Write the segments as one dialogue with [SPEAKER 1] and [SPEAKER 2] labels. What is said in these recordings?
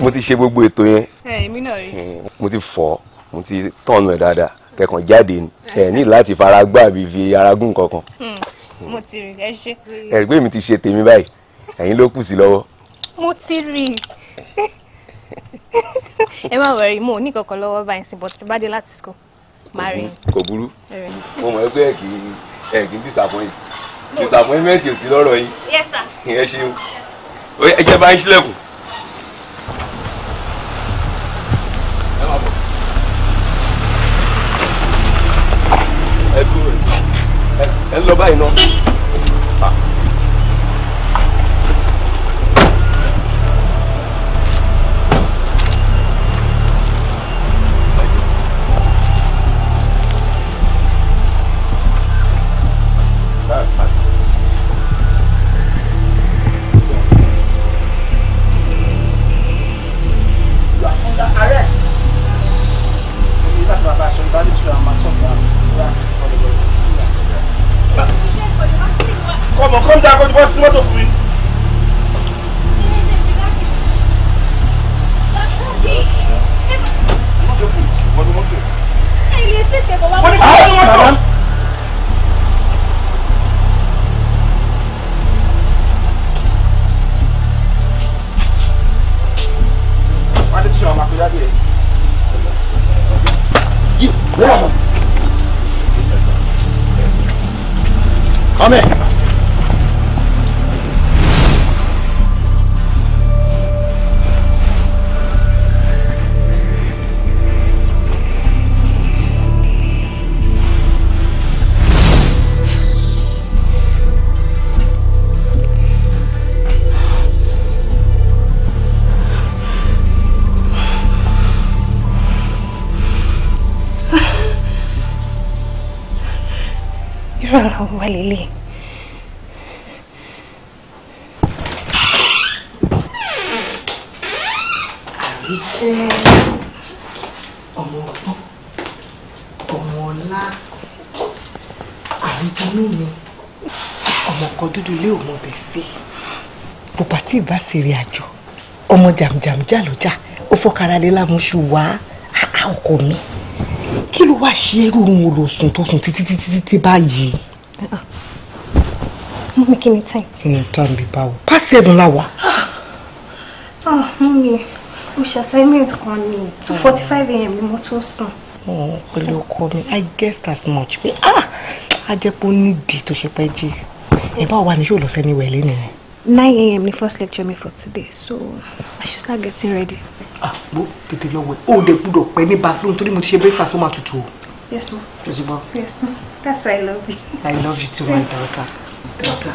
[SPEAKER 1] mo ti ṣe gbogbo ètò yẹn.
[SPEAKER 2] èmi náà rí.
[SPEAKER 1] Hmm, mo ti fọ mo ti tọ̀nù ẹ̀ dáadáa kẹ̀kàn jáde ni ẹ̀ ní láti fara gbá àbí fi aragún kankan.
[SPEAKER 2] Hmm, mo ti rí ẹ ṣe. ẹ̀rí
[SPEAKER 1] pé mi ti ṣe tèmi báyìí ẹ̀yin ló kù sí lọ́wọ́.
[SPEAKER 2] mo ti rí ẹ má wẹ̀rí mo ní kankan lọ́wọ́ báyìí sí but ti bá dé láti school máa rí. kò burú mo
[SPEAKER 1] mọ̀ pé ẹ̀ kì í ẹ̀ kì í disappoint disappointment ò sí lọ́rọ̀ yín. yes sir. ẹ ṣeun ẹ jẹ́ bá ń ṣílẹ̀kùn. ẹ máa bọ̀. ẹ dúró ẹ lọ báyìí náà. Ah.
[SPEAKER 2] irú àwọn wà lélẹ̀. àríkẹ́
[SPEAKER 3] ọmọ ọgbọ́n ọmọ ọlá àríkẹ́ mi ọmọ kan dúdú lé òun bẹ̀ sí bùbá tí ì bá sì rí àjò ọmọ jàmjàmjà lọ́jà ó fọkàrà lé lámúṣù wá ọkọ mi kí ló wá ṣe irú òun ò lò sùn tó sùn títí títí títí báyìí.
[SPEAKER 2] Ah, ah. mummy kí ni time.
[SPEAKER 3] kí ni time bí báwo past seven la wà.
[SPEAKER 2] Ah, mummy o ṣe assignment kan ní two forty five a.m. ni mo tó sùn.
[SPEAKER 3] pẹ̀lú ọkọ mi i guessed as much pé ah ajẹ́pọ̀ nídìí tó ṣe pẹ́ jí ẹ̀ bá wà ní ṣòlọ́sẹ́ ní wẹ̀lẹ́ nìyẹn.
[SPEAKER 2] nine a.m. ni first lecture me for today so i should start getting ready
[SPEAKER 3] àgbo ah, tètè lọ wẹ̀ o dẹ̀ gbúdọ̀ pẹ́ ní bathroom torí mo ti ṣe breakfast ó máa tutù o. yes ma josi bọ.
[SPEAKER 2] yes ma that's why i love you.
[SPEAKER 3] i love you too my daughter. daughter.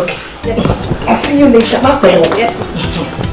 [SPEAKER 2] okay. yes ma.
[SPEAKER 3] i see you later. má pẹ́ yes ma.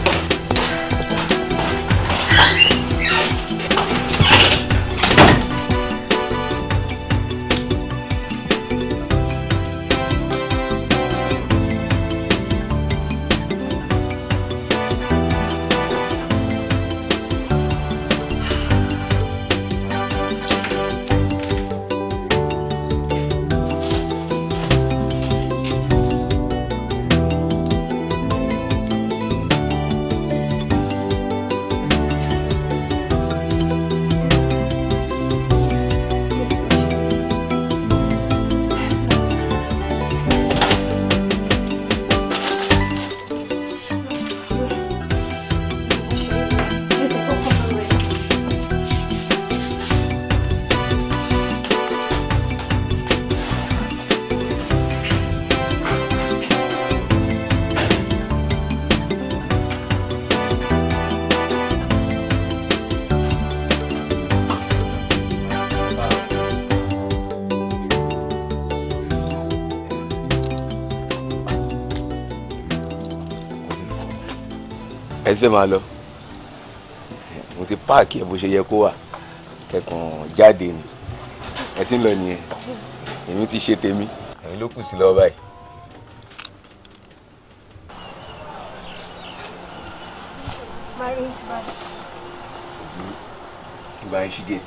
[SPEAKER 1] ẹ ti fẹ́ máa lọ mo ti páàkì ẹ bó ṣe yẹ kó wà kẹkàn jáde ni ẹ ti ń lọ nìyẹn èmi ti ṣe tèmi èmi ló kù sí lọ́wọ́ báyìí.
[SPEAKER 2] Marion ti bá a.
[SPEAKER 1] Ìgbà yẹn ṣì gé.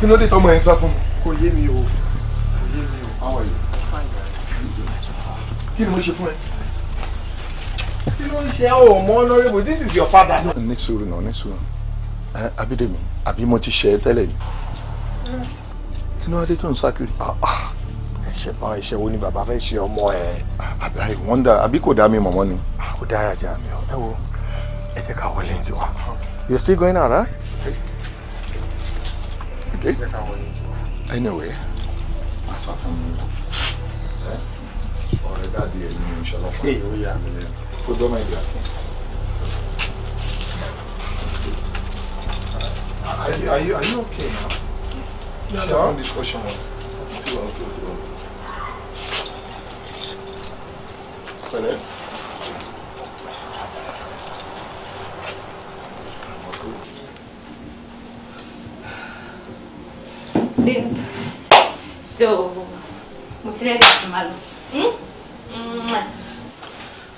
[SPEAKER 4] kí ló dé tọmọ yẹn sá fún mi. kò yé mi o kò yé mi o. àwọn yìí kí ni mo ṣe fún ẹ. kí ló ń ṣe ọ mọ honourable this is your father. ní sùúrù náà ní sùúrù Abídèmí àbí mo ti ṣe é tẹ́lẹ̀ ni kí ló wá dé tó ń sá kiri. Ah, ah. ẹsẹ̀ bá ẹsẹ̀ wo ni bàbá fẹ́ ṣe ọmọ ẹ. àbí i wonder àbí kò dá mi mọ̀mọ́ ni. Ah, kò dá àyàjá mi o ẹ wo ẹ jẹ́ ká wọlé ní tiwa. you still going out, right? Eh? anyway sá fún mi ọ̀rẹ́ dáàdi ẹ̀ ní ìṣọlọ́pàá ó yà mí lẹ́nu kó dọ́mọ ìyá dear. Are you, are you, are you okay now? Yes. Yeah, yeah. One discussion. Okay, okay, okay. Hello.
[SPEAKER 2] lé so what's ti rẹ́ẹ̀dì àti máa lọ. Hmm?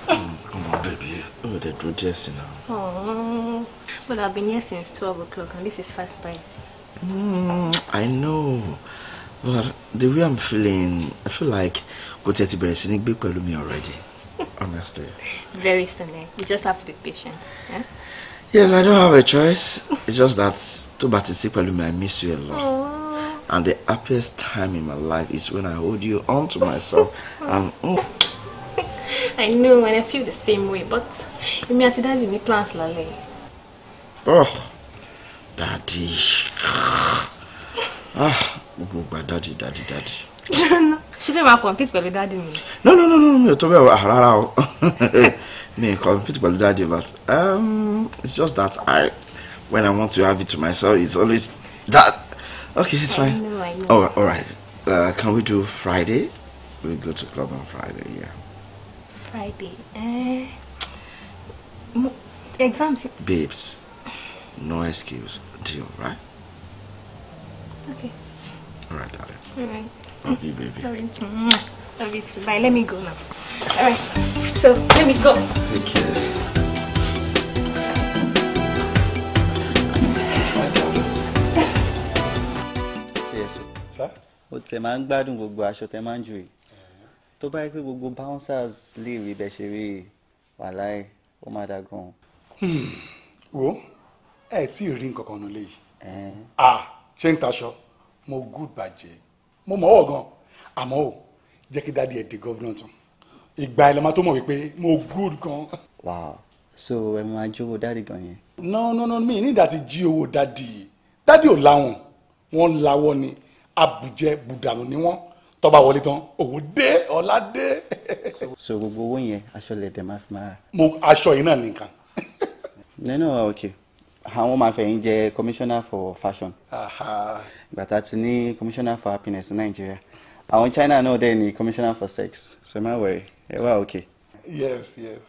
[SPEAKER 5] Hmm, ọmọ bẹ̀bí ó dẹ̀ dúró díẹ̀ sí
[SPEAKER 2] hmm. but I've been here since twelve o'clock and this is five by. Mm,
[SPEAKER 5] I know but the way I'm feeling I feel like kò tẹ̀ ti bẹ̀rẹ̀ sí ní gbé pẹ̀lú mi already honestly.
[SPEAKER 2] very soon eh? you just have to be patient. Yeah.
[SPEAKER 5] yes I don't have a choice it's just that too bá to sí pẹ̀lú I miss you a lot. Aww. Oh and the happiest time in my life is when I hold you onto myself and oh.
[SPEAKER 2] I know and I feel the same way but you èmi àti daddy ní plans lálẹ́.
[SPEAKER 5] Oh daddy ah gbogbo daddy daddy daddy.
[SPEAKER 2] Ṣé fẹ́ compete pẹ̀lú daddy mi?
[SPEAKER 5] No no no no mi ò tó bẹ́ẹ̀ wá ah, rárá o mi compete pẹ̀lú daddy but um, it's just that I when I want to have it to myself it's always that. Okay, it's fine. know, I know. Oh, all right. Uh, can we do Friday? We go to club on Friday. Yeah.
[SPEAKER 2] Friday. Uh, exams.
[SPEAKER 5] Babes, no excuse.
[SPEAKER 6] Deal, right?
[SPEAKER 2] Okay. All right, darling. All right. Love you, baby. Love you. Love you too. Bye. Let me go now. All right. So let me go. Thank you.
[SPEAKER 7] tiẹ̀ sọ ó tiẹ̀ máa ń gbádùn gbogbo aṣọ tẹ máa ń jù yìí tó bá yẹ pé gbogbo bouncers lè rí bẹ́ẹ̀ ṣe rí wàláì ó máa dá gan hmm. wo ẹ tí ì rí nǹkan kan nílé yìí ṣé ń taṣọ mo gùd bàjẹ́ mo mọ̀ ọ́ gan
[SPEAKER 5] àmọ́ ò jẹ́ kí dáadé ẹ̀ di gọ́vnà tán ìgbà ẹ̀ lọ́mọ tó mọ̀ wípé mo gùd gan.
[SPEAKER 7] wow so ẹ máa jówó dáadé gan yẹn.
[SPEAKER 5] no no no mi ní ìdá ti jí owó dáadé dáadé ò láwọn wọ́n lawọ́ ni abùjẹ bùdànù ni wọ́n tọ́ba wọlé tán owó
[SPEAKER 7] dé ọlá dé. so gbogbo owó yẹn aṣọ lè dẹ̀ máa fi máa. mo aṣọ yìí náà nìkan. nínú ọkẹ àwọn máa fẹ̀yìn jẹ commissioner for fashion. gbàtà ti ní commissioner for happiness ní nàìjíríà àwọn china náà dẹ̀ ní commissioner for sex so má wẹ̀rẹ̀ ẹ wá òkè.
[SPEAKER 5] yes yes.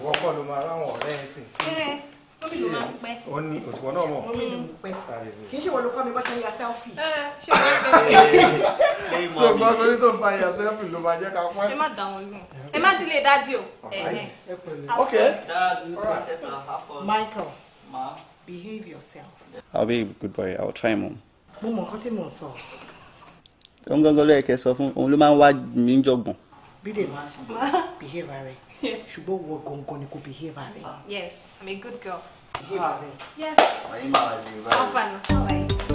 [SPEAKER 5] ìwọ kọ́ ló máa ráwọn ọ̀rẹ́
[SPEAKER 3] ẹ̀ sìn tí ó
[SPEAKER 5] ní òtùwọ́ náà mọ̀
[SPEAKER 8] kì
[SPEAKER 3] í ṣe wọ́n ló kọ́ mi bọ́ ṣe ń ya sẹ́lfì.
[SPEAKER 5] tó
[SPEAKER 4] bá sọ ní tó ń bá ya sẹ́lfì ló máa jẹ́ ká
[SPEAKER 8] pẹ́. ẹ má dà wọn lù ẹ má dílé dádì
[SPEAKER 3] o. ok. Michael behave yourself.
[SPEAKER 7] I'll be a good boy. I'll try, mom.
[SPEAKER 3] mo mọ nǹkan tí mo sọ
[SPEAKER 7] ó ń gángan lóye sọ fún òun ló máa ń wá mí ń
[SPEAKER 3] bídè máa behave rẹ ṣùgbọ́n wọ
[SPEAKER 2] gangan ni kò behave rẹ. yes i'm a good girl. behave rẹ. yes. ọ̀yin máa lè báyìí.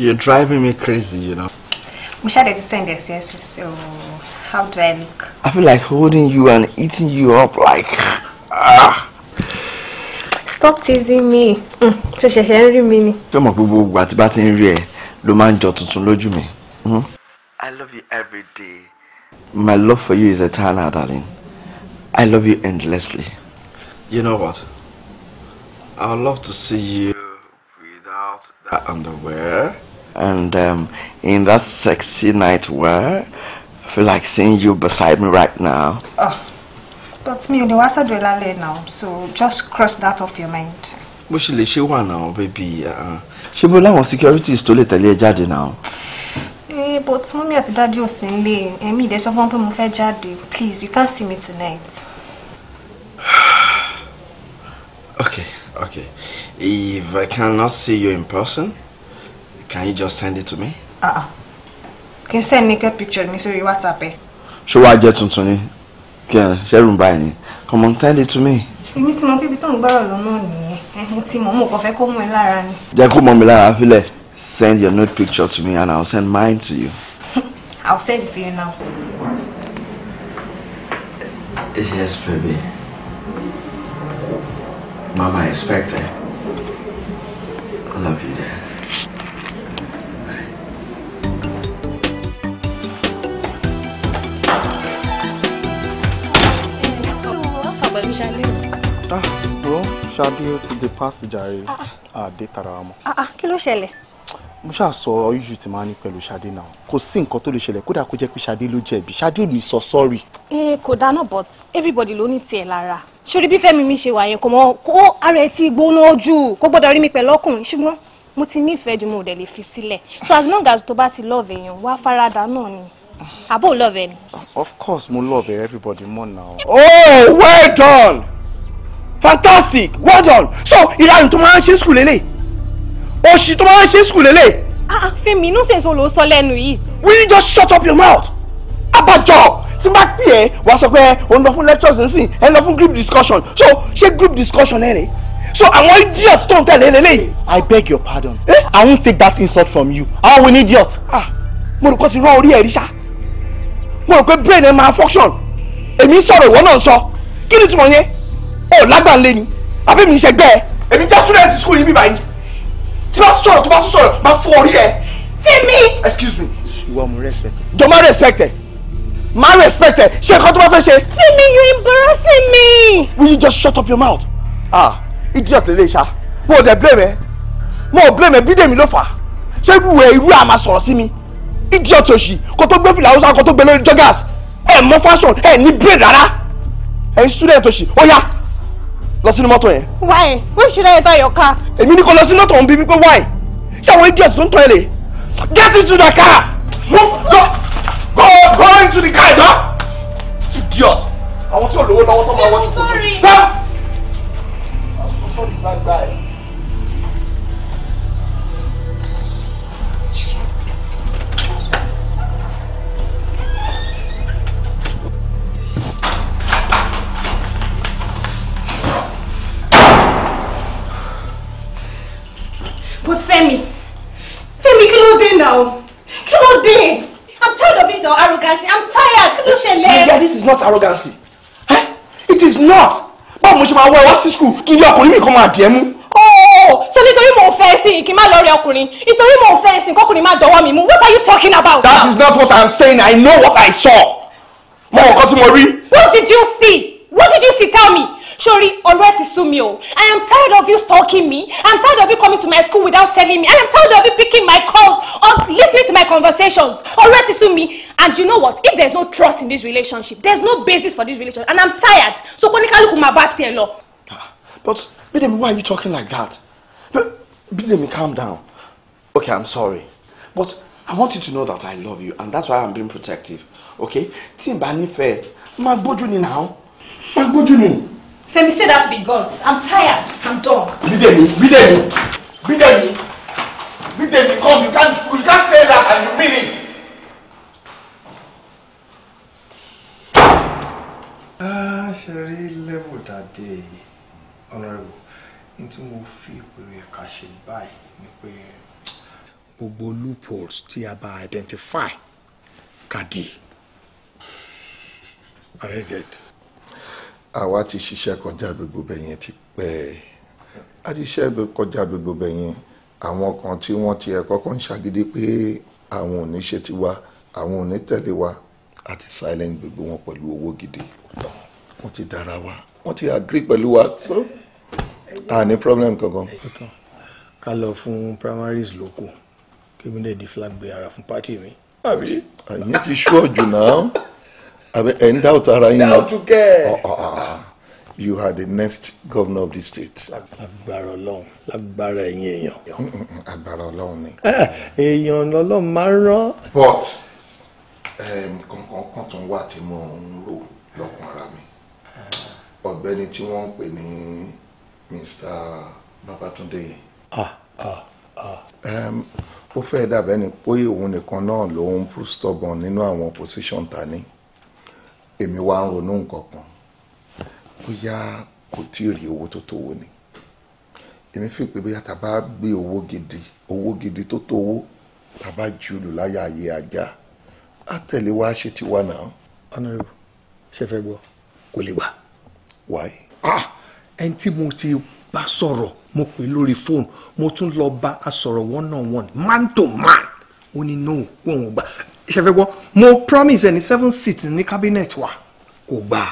[SPEAKER 5] You're driving me crazy, you know.
[SPEAKER 2] We did send us, yes, so how do I look?
[SPEAKER 5] I feel like holding you and eating you up like... Ah.
[SPEAKER 2] Stop teasing me. So mm, she's ń rí mi ni?
[SPEAKER 5] Ṣé o mọ̀ pé gbogbo ìgbà tí bá ti ń rí ẹ hmm? I love you every day. My love for you is eternal, darling. I love you endlessly. You know what? I would love to see you without that underwear. And um, in that sexy nightwear, I feel like seeing you beside me right now. Oh,
[SPEAKER 2] but me, you the wasa dwelale now, so just cross that off your mind.
[SPEAKER 5] But she, she want now, baby. She uh-uh. ṣé bó security is tó lè tẹ̀lé judge jáde náà.
[SPEAKER 2] ee eh, but mommy at daddy ò sí nílé me, ìdẹ sọ fún wọn pé mo fẹ́ please you can't see me tonight.
[SPEAKER 5] okay okay if I cannot see you in person. Can you just send it to me?
[SPEAKER 2] Uh-uh. Ah, Kí ah. send naked picture mi sórí WhatsApp ẹ.
[SPEAKER 5] Show wàá jẹ́ tuntun ni? Kí ẹ ṣẹ́rù ń báyìí ni. Come on, send it to me.
[SPEAKER 2] You ti mọ pé ibi tó ń gbọ́rọ̀ lọ́nà nìyẹn. Mo ti mọ̀ mo kàn fẹ́ kó mú ẹ lára ni.
[SPEAKER 5] Jẹ́ kó mọ Send your nude picture to me and I'll send mine to you.
[SPEAKER 2] I'll send it to you now.
[SPEAKER 5] Yes, baby. Mama, I expect it. Eh? I love you, Dad. ah bro ṣadé ó ti di past jàre àdé ah, ah. tara wa mọ́.
[SPEAKER 2] Ah, kí ló ṣẹlẹ̀.
[SPEAKER 5] mo ṣáà sọ issue tí máa ní pẹ̀lú ṣadé náà kò sí nǹkan tó lè ṣẹlẹ̀ kódà kó jẹ́ pé ṣadé ló jẹ̀bi ṣadé ò ní sọ sorry.
[SPEAKER 2] ẹ eh, kò dáná but everybody ló ní tiẹ̀ lára sórí bí fẹ́mi mi ṣe wà yẹn kò mọ kó ara ẹ ti gbóná jù kó gbọ́dọ̀ rí mi pẹ̀lú ọkùnrin ṣùgbọ́n mo ti nífẹ̀ẹ́ so as long as tó bá ti love èèyàn wá abo love ẹ.
[SPEAKER 5] of course mo love everybody more now. oh well done fantastic well done so ìlànà tó máa ń ṣe sùkúl lélẹ̀ òṣì tó máa ń ṣe sùkúl lélẹ̀.
[SPEAKER 8] ah, ah Fẹ́mi nonsense wo ló sọ
[SPEAKER 2] lẹ́nu yìí.
[SPEAKER 5] will you just shut up your mouth abajọ tí n bá pè ẹ́ wàá sọ pé ò ń lọ fún lectures nsìn ẹ lọ fún group discussion so ṣé group discussion ẹ rèé so àwọn idiot tó ń tẹ̀lé lélẹ́yìí. i beg your pardon eh? i won't take that insult from you àwọn idiot. ah mo rò kó ti rán orí ẹ̀ rí ṣáá mo rò pé brain ẹ máa function èmi ń sọ̀rọ̀ ìwọ náà sọ kí ni túmọ̀ yẹn ò lágbàlẹ́ ni àbí mi ń ṣẹgbẹ́ ẹ èmi jẹ́ student school yìí bíbá yìí tí bá sọ̀rọ̀ tó bá sọ̀rọ̀ máa fọ orí ẹ. Fẹ́mi. excuse me. ìwọ mo respect. jọ máa respect ẹ máa respect ẹ ṣe nǹkan tó bá fẹ́ ṣe. Fẹ́mi you embarrassing me. will you just shut up your mouth. ah idiot lè ṣá mo ò blame ẹ mo blame ẹ bídèmí ló fà á ṣé irú ẹ irú àmà sọ̀rọ̀ sí mi idiot òṣì kó tó gbé fìlà haúsá kó tó gbé lórí joggers ẹ mọ fashion ẹ ní braid rárá ẹ student òṣì ó yá lọ sínú mọ́tò yẹn.
[SPEAKER 2] why why
[SPEAKER 5] should I enter your car. èmi ní kò lọ sí mọ́tò òun bí wípé why ṣé àwọn idiot tó ń tọ́ ẹ lè get
[SPEAKER 8] into the car go go go into the car ìjọ idiot àwọn tí ò lówó lọ́wọ́ tó máa wọ́n ti fò
[SPEAKER 5] sórí.
[SPEAKER 8] But Femi, Femi, kí ló dé now? Kí ló dé? I'm tired of this your arrogancy. I'm tired. Kí ló ṣẹlẹ̀? Yeah, this is not arrogancy. Eh? It is not. Báwo mo ṣe máa wọ ẹ wá sí school kí ilé ọkùnrin mi kan máa dì mú? Oh, so nítorí mò ń fẹ́ sí kí n má lọ rí ọkùnrin. Nítorí mò ń fẹ́ sí kọ́kùnrin má dọwọ́ mi mú. What are you talking about? That is not what I'm saying. I know what I saw. Mo mọ̀ nǹkan tí mo rí. What did you see? What did you see? Tell me. Sorry, already ti sú mi I am tired of you stalking me. I am tired of you coming to my school without telling me. I am tired of you picking my calls or listening to my conversations. Already ti sú mi. And you know what? If there's no trust in this relationship, there's no basis for this relationship. And I'm tired. So kò ní kálukú máa bá tiẹ̀ ah, But
[SPEAKER 5] Bidemi, why are you talking like that? Bidemi, calm down. Okay, I'm sorry. But I want you to know that I love you and that's why I'm being protective. Okay? Tí n bá nífẹ̀ẹ́, máa gbójú ni now. Máa gbójú
[SPEAKER 8] ni. Femi, say that to the gods. I'm tired. I'm done.
[SPEAKER 5] Bidemi, Bidemi,
[SPEAKER 8] Bidemi, Bidemi, come. You can't, you can't say
[SPEAKER 5] that and you mean it.
[SPEAKER 4] Ah, ṣeré level that day, honourable. N tí mo fi ìpèrè ẹ̀ka ṣe báyìí ni pé
[SPEAKER 1] gbogbo loopholes
[SPEAKER 5] tí a bá identify
[SPEAKER 4] kàdí. I get àwa ti ṣiṣẹ́ kọjá gbogbo bẹ̀yẹn ti pẹ́ a ti ṣiṣẹ́ kọjá gbogbo bẹ̀yẹn àwọn kan tí wọ́n ti ẹ̀kọ́ kan ṣàgídí pé àwọn ò ní ṣe tiwa àwọn ò ní tẹ̀lé wa àti silent gbogbo wọn pẹ̀lú owó gidi wọ́n ti dára wa wọ́n ti agree pẹ̀lú wa so a ní problem kankan. ká lọ fún primaries lóko kí mi lè di flag gbé ara fún pátì mi. àbí àyè ti ṣú ọ̀jù náà àbẹ ẹ̀ ń dáwọ́tò ara yín. dáwọ́tò oh, oh, oh, you are the next governor of the state. agbára ọlọ́run lágbára ẹ̀yin èèyàn. agbára ọlọ́run ni. èèyàn lọ́lọ́run máa ń rán. but um, kankan tó ń wà tí mo ń rò lọ́kàn ara mi ọ̀gbẹ́ni tí wọ́n ń pè ní mr babatunde yẹn. Ah, ah, ah. um, ó fẹ́ dàbẹ́ ni pé òun nìkan náà ló ń stubborn nínú àwọn position ta èmi wá ń ronú nǹkan kan bóyá kò tí ì rí owó tó tó owó ni èmi fi pé bóyá tá a bá gbé owó gidi owó gidi tó tó owó tá a bá ju olùláyà ayé ajá á tẹ̀lé wá ṣe ti wá náà. ọ̀nàrẹ́bù ṣe fẹ́ gbọ́ kò lè gbà. wáyé. ah ẹni tí mo ti bá sọ̀rọ̀
[SPEAKER 5] mo pè lórí fóònù mo tún lọ bá a sọ̀rọ̀ one on one man to man ó ní no wọn ò gbà ṣẹfẹ gbọ́ mo promise ẹni seven seats ní cabinet wa kò gbà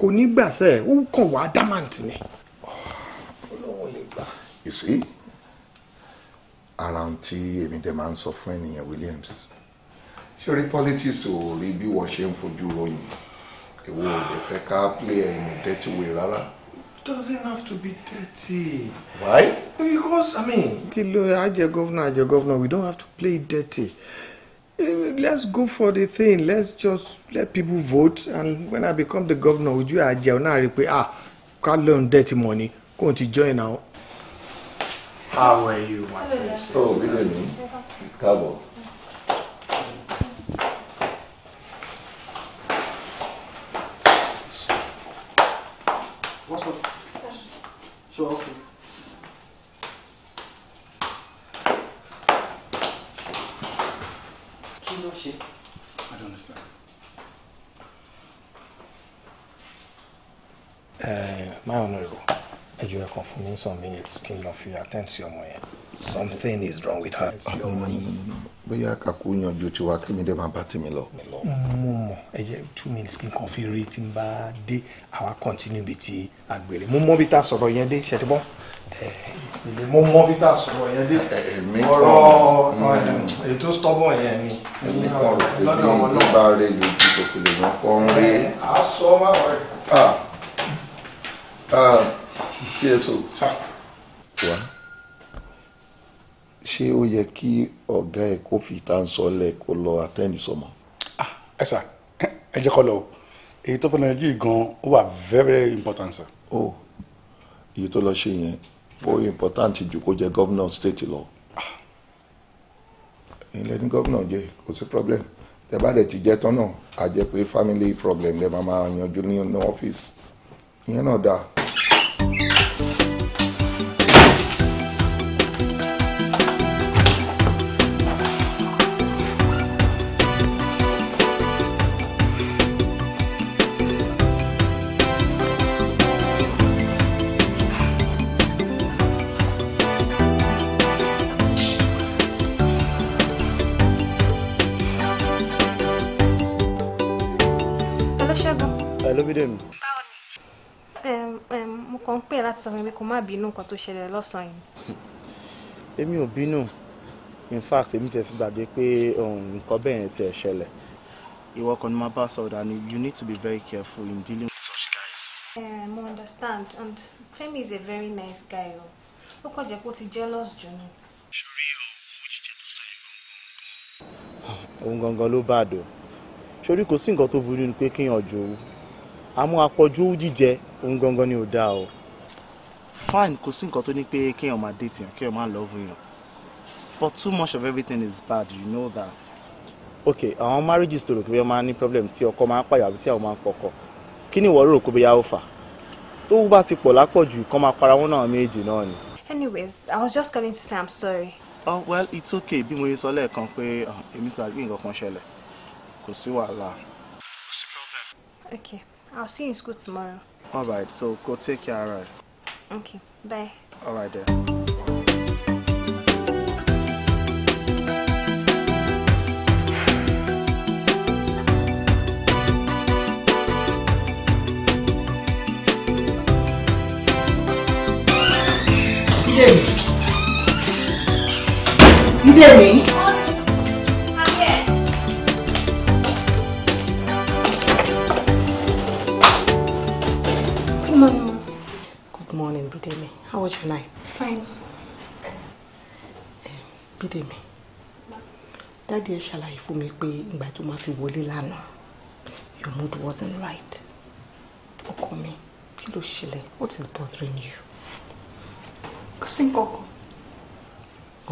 [SPEAKER 5] kò ní gbà sẹ ó kàn wá adamant ni.
[SPEAKER 4] you see ara ohun tí èmi dẹ̀ máa ń sọ fún ènìyàn Williams ṣorí politics ò rí bí wọ́n ṣe ń fojú ròyìn èwo ò lè fẹ́ ká play ẹ̀ dirty way rárá.
[SPEAKER 5] doesn't have to be
[SPEAKER 4] dirty. why.
[SPEAKER 5] because i mean. kí ló ajẹ governor ajẹ governor we don't have to play dirty let's go for the thing let's just let people vote and when i become the governor would you add your rí i ah ká lóun dirty money. ni to join now.
[SPEAKER 4] how are you my friend. oh good evening
[SPEAKER 1] káàbọ̀.
[SPEAKER 5] ẹ ọ̀nàrẹ́bù ẹ jọ ẹ kàn fún Skin of your attention, n lọ fi attend sí ọmọ yẹn something is wrong with her. sí ọmọ
[SPEAKER 4] yìí. bóyá kàkú yanjú tiwa kí mi dé máa bá tèmi lọ.
[SPEAKER 2] mo
[SPEAKER 5] mọ ẹ jẹ two minutes kí n kàn fi rí tí n bá dé àwa continue bíi ti àgbèrè mo
[SPEAKER 4] mọ bí tá a sọ̀rọ̀ yẹn dé ṣètì bọ́ mo mọ bí tá a sọ̀rọ̀ yẹn dé ọ̀rọ̀ mm. ètò stubborn yẹn
[SPEAKER 7] ni lọ́dọ̀ wọn náà. èmi kọ̀ ló
[SPEAKER 4] bá rẹ̀ yóò di tòkìlẹ̀ náà kọ́ ń rí. àá sọ máa ah. rẹ̀ cso. Ah, wá ṣé ó yẹ kí ọ̀gá ẹ̀ kó fi ìta ń sọ lẹ̀ kó lọ àtẹ́ǹdì sọmọ. Ah, ẹ sà ẹ jẹ́ kọ́ lọ
[SPEAKER 5] o èyí tó fẹ́ lọ yìí gan ó wà very very important sir.
[SPEAKER 4] o èyí tó lọ ṣe yẹn ó important jù kó jẹ́ governor state lọ ah. ilẹ̀ ní gómìnà jẹ́ kò sí problem tẹ́ bá dẹ̀ ti jẹ́ tán náà a jẹ́ pé family problem lẹ́ máa máa yanjú ní ọ́fíìsì. ìyẹn náà dáa.
[SPEAKER 2] sọ fún mi kó má bínú nǹkan tó ṣẹlẹ̀ lọ́sàn-án yìí.
[SPEAKER 5] èmi ò bínú in fact èmi tẹ̀ gbàgbé pé um, nǹkan bẹ́ẹ̀ yẹn ti ẹ̀ ṣẹlẹ̀ ìwọ kan ní máa bá sọ̀rọ̀ and you need to be very careful in dealing with such
[SPEAKER 2] guys. mo um, understand and Femi is a very nice guy o ó kọjá pé ó ti jealous jù ni. sori ohun jíjẹ tó sọ
[SPEAKER 5] yẹn gangan. ohun gangan ló bá dò sori kò sí nǹkan tó burú nínú pé kéèyàn jòwú àmọ́ àpọ̀jù owó jíjẹ ohun gangan ni ò dáa o fine kò sí nǹkan tó ní pé kéèyàn máa date yàn kéèyàn máa love yàn but too much of everything is bad you know that. ok àwọn marriages tó rò pé wọ́n máa ní problem tí ọkọ máa ń pàyà àbí tí àwọn máa ń pọkọ kí ni ìwọ rò pé bóyá ó fà tó bá ti pọ̀ lápọ̀jù kán máa para wọn náà méjì náà ni.
[SPEAKER 2] anyways i was just calling to say i'm sorry.
[SPEAKER 5] oh well it's okay bí mo yẹ sọ lẹ́ẹ̀kan pé ah, èmi ti àgbé nǹkan kan ṣẹlẹ̀ kò sí wàhálà.
[SPEAKER 2] kò okay i'll see you in school tomorrow.
[SPEAKER 5] all right so go take care right.
[SPEAKER 2] Ok, bye.
[SPEAKER 7] All right, dear.
[SPEAKER 3] Yay! You did me. dáàdi ẹ ṣàlàyé fún mi pé ìgbà tó máa fi wọlé lánàá your mood wasn't right ọkọ mi kí ló ṣẹlẹ̀ what is bothering you. kò sí nǹkan kan.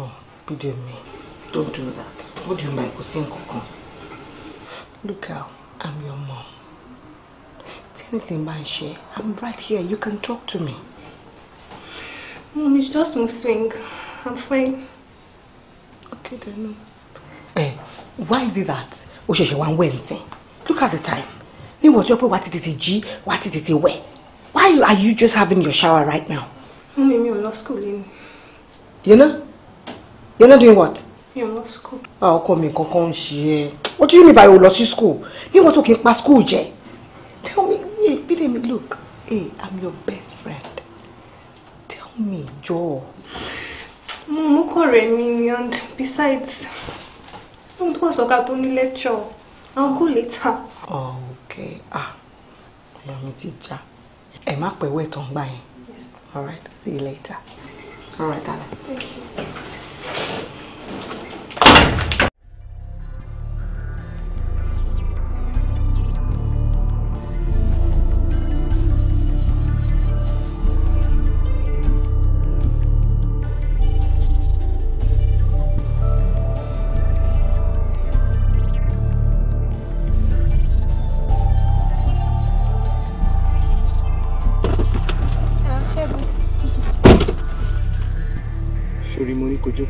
[SPEAKER 3] oh bídè mi don't do that what do you mean kò sí nǹkan kan. look out i'm your mom tí anything bá ń ṣe i'm right here you can talk to me.
[SPEAKER 2] mom it's just my swing i'm fine. okay then no
[SPEAKER 3] ẹ eh, why is it that ó ṣẹ̀ṣẹ̀ wá ń wẹ̀ nsìn look at the time níwọ̀n tí ó pé wàá ti tètè jí wàá ti tètè wẹ̀ why are you just having your shower right now.
[SPEAKER 2] mummy mi ò lost school lẹ́nu.
[SPEAKER 3] you know You're not doing what.
[SPEAKER 2] mi ò lọ school.
[SPEAKER 3] Ah, ọkọ mi kankan ń ṣe what do you mean by o lọ school níwọ̀n tó to í pa school jẹ
[SPEAKER 2] tell me hey me. look
[SPEAKER 3] hey i'm your best friend tell me Joe.
[SPEAKER 2] mo mú kọ̀rẹ́ mi and besides ohun tó kàn sọ́ka tó ní lecture àwọn kò lè ta.
[SPEAKER 3] okay ah ọ̀yà mi ti já ẹ má pẹ̀wẹ́ tán gbà yẹn all right see you later all right darling. thank you.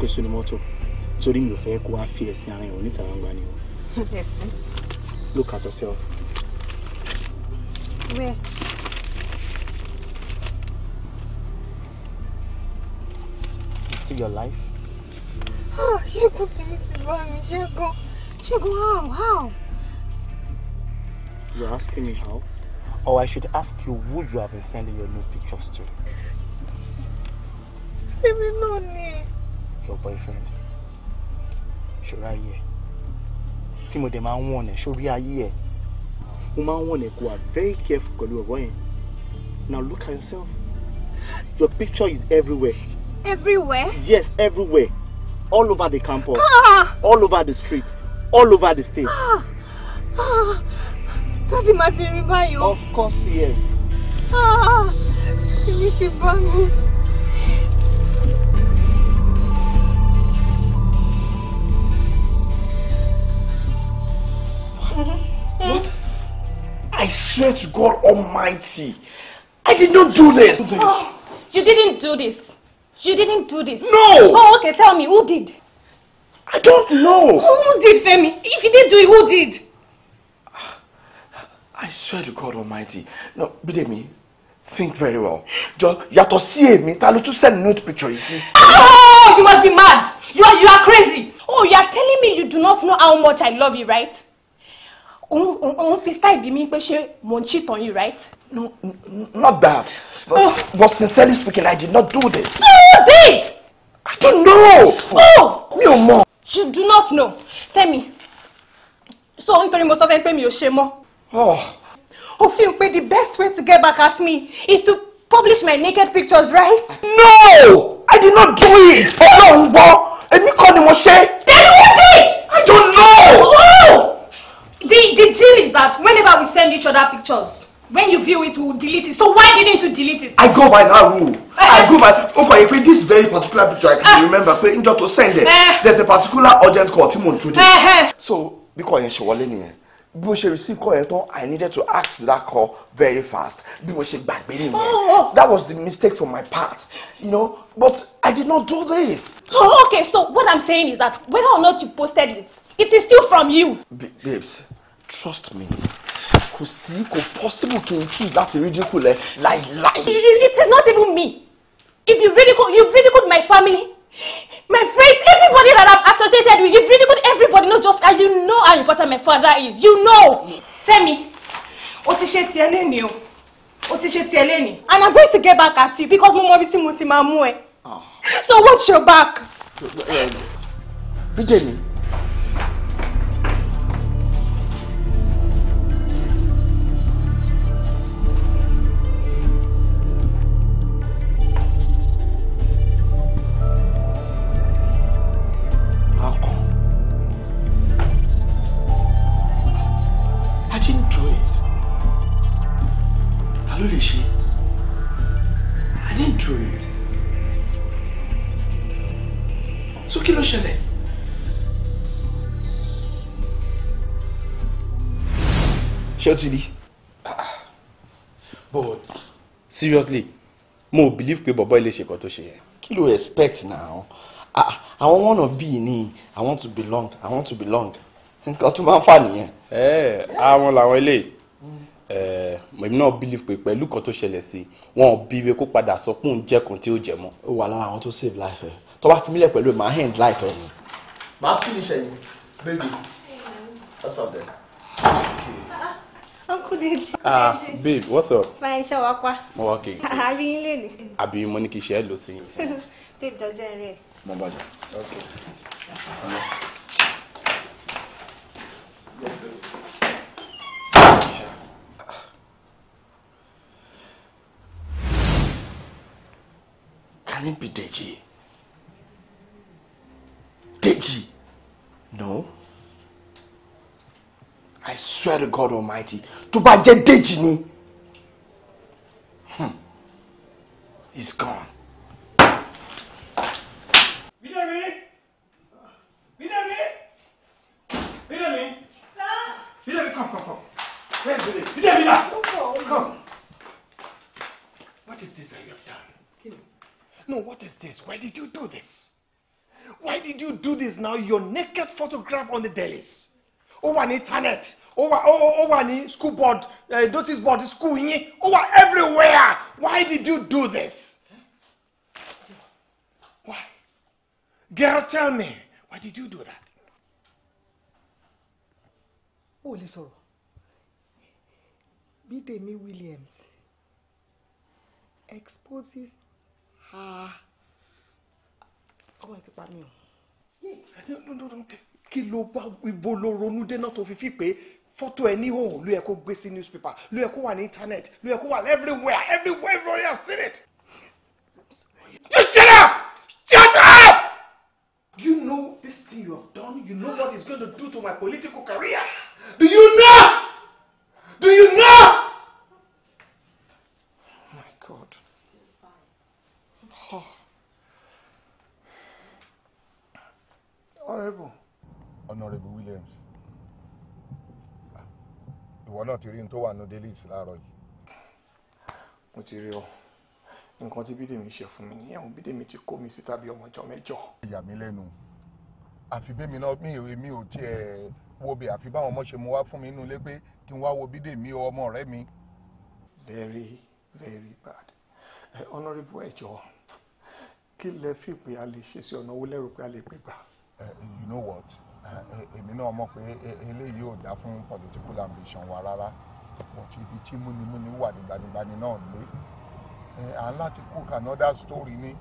[SPEAKER 5] gbé sínú mọ́tò torí mi ò fẹ́ kó wá fi ẹ̀sìn ara ẹ̀wọ̀n níta gbangba ni o. ẹ̀sìn. look at yourself. where. you see your life.
[SPEAKER 2] Ah, ṣẹ́gun kìíní ti bá mi ṣẹ́gun ṣẹ́gun how how.
[SPEAKER 5] you're asking me how? or I should ask you who you have been sending your new pictures to.
[SPEAKER 3] èmi náà ni
[SPEAKER 5] your boyfriend ṣòro ayé ẹ tí mo dẹ̀ máa ń wọ̀n ẹ̀ ṣòro ayé ẹ mo máa ń wọ̀n ẹ̀ kó wa very careful pẹ̀lú ọ̀rọ̀ yẹn now look at yourself your picture is everywhere.
[SPEAKER 2] everywhere.
[SPEAKER 5] yes everywhere all over the campus ah! all over the streets all over the state. Ah! Ah! Daddy Martin Ribayo. Of course, yes. Ah, you need to bang I swear to God Almighty, I did not do this. Oh,
[SPEAKER 8] you didn't do this. You didn't do this. No. Oh, okay. Tell me, who did? I don't know. Who did, Femi? If you didn't do it, who did?
[SPEAKER 5] I swear to God Almighty. No, Bidemi, think very well. you have to sí me. Tell you to send nude picture yìí sí.
[SPEAKER 8] Oh, you must be mad. You are, you are crazy. Oh, you are telling me you do not know how much I love you, right? On, òun fi style bí mi pé ṣé mo ń cheat on you right. no
[SPEAKER 5] not bad but, oh. but sincerely speaking I did not do this. you
[SPEAKER 8] did. I don't know. oh mi ò mọ̀. you do not know Fẹ́mi so nítorí mo sọ fẹ́ pé mi ò ṣe mọ́. Oh. o fi hàn pé the best way to get back at me is to publish my naked pictures right. no I did not do it. Ọlọ́run gbọ́ èmi kọ́ ni mo ṣe. then who did. I don't know. Oh the the deal is that whenever we send each other pictures when you view it we will delete it so why didn't you delete it. i
[SPEAKER 5] go by that rule eh. i go by Okay, oh, kò this very particular picture i can ah. remember pé njọ to send it eh. There's a particular urgent call tí mo n today. so because kò yẹn ṣe wọlé nìyẹn bí mo ṣe receive call yẹn tán i needed to act to that call very fast bí mo ṣe gbàgbé nìyẹn oh, oh. that was the mistake from my part
[SPEAKER 8] you know but i did not do this. Oh, okay so what i'm saying is that whether or not you posted it it is still from you.
[SPEAKER 5] B babes trust me kò sí kò possible kí n choose that ridicule like láìláì.
[SPEAKER 8] it is not even me if you ridicule you ridicule my family my friends everybody that i'm associated with you ridicule everybody not just and you know how important my father is you know Femi o ti ṣe tiẹ̀ lẹni o o ti ṣe tiẹ̀ lẹni and i'm going to get back at you because mo mọ ibi tí mo ti máa mú ẹ ah. so watch your back. bíjẹ́ eh, eh, eh, mi.
[SPEAKER 5] ṣé but seriously mo ò believe pé bọ̀bọ́ ilé ṣe kan tó ṣe yẹn. kí ló expect now ah, àwọn wọn náà bíi ni i want to belong i want to belong nǹkan tó máa ń fà nìyẹn. ẹ àwọn làwọn eléyìí èmi náà believe pé pẹ̀lú kan tó ṣẹlẹ̀ sí wọn ò bí iwe kó padà sọ pé òun jẹ́ kan tí ó jẹ mọ́. ó wà lára àwọn tó save life ẹ tó bá fi mílẹ̀ pẹ̀lú màá hand life ẹ ni. màá finish ẹ ni baby that's all there. Okay.
[SPEAKER 2] Ah, ah. Uncle Deji. Ah,
[SPEAKER 5] babe, what's up? Fine, show up. Oh, okay.
[SPEAKER 2] Àbí yín lè ní.
[SPEAKER 5] Àbí mo ní kí ṣe é
[SPEAKER 2] Babe, don't ẹ rẹ̀.
[SPEAKER 5] Mo bá Okay. Can it be Deji? Deji? No. I swear to God Almighty tó bá jẹ́ Dèjì ni hmm. he's gone.
[SPEAKER 7] Bídèmí Bídèmí Bídèmí.
[SPEAKER 5] Sir. Bídèmí come come come where's Bídèmí
[SPEAKER 3] Bídèmí na come
[SPEAKER 5] what is this that you have
[SPEAKER 3] done
[SPEAKER 5] no what is this why did you do this why did you do this now your naked photograph on the delis ó wà ní internet ó wà ó wà ní school board uh, notice board school yín ó wà everywhere why did you do this why girl tell me why did you do that.
[SPEAKER 3] ó lè sọ̀rọ̀ Bídèmí Williams exposes her ọmọ ẹ ti pa mí o. no no no
[SPEAKER 5] kí ló bá ibo ló ronú dénà tó fi fi pé fọ́tò ẹ ní òun ló yẹ kó gbé sí newspaper ló yẹ kó wà ní internet ló yẹ kó wà everywhere everywhere everybody has seen it. you shut up shut up. you know this thing you have done you know what it's going to do to my political career do you know.
[SPEAKER 4] náà ti rí ní tó wà ní délé ìsìn láàárọ̀ yìí. mo ti rí ọ nǹkan tí bídèmí ṣe fún mi nìyẹn o bídèmí ti kó mi síta bí ọmọ ọjọ́ mẹ́jọ. mi lẹ́nu àfi bẹ́mi náà mi ò mi ò tiẹ̀ wo bẹ̀ àfi báwọn ọmọ ṣe mu wá fún mi inú ilé pé kí n wá wo bídèmí ọmọ rẹ mi. very very bad honourable ẹjọ kí lẹ fi pé a lè ṣe sí ọ̀nà owó lẹ́rù pé a lè gbégbà. you know what Eh, eh, èmi náà mọ̀ pé eh, eléyìí ò dá fún political ambition wa rárá but ibi tí múnimúni wà nígbanigbani náà lé à ń láti cook another story ni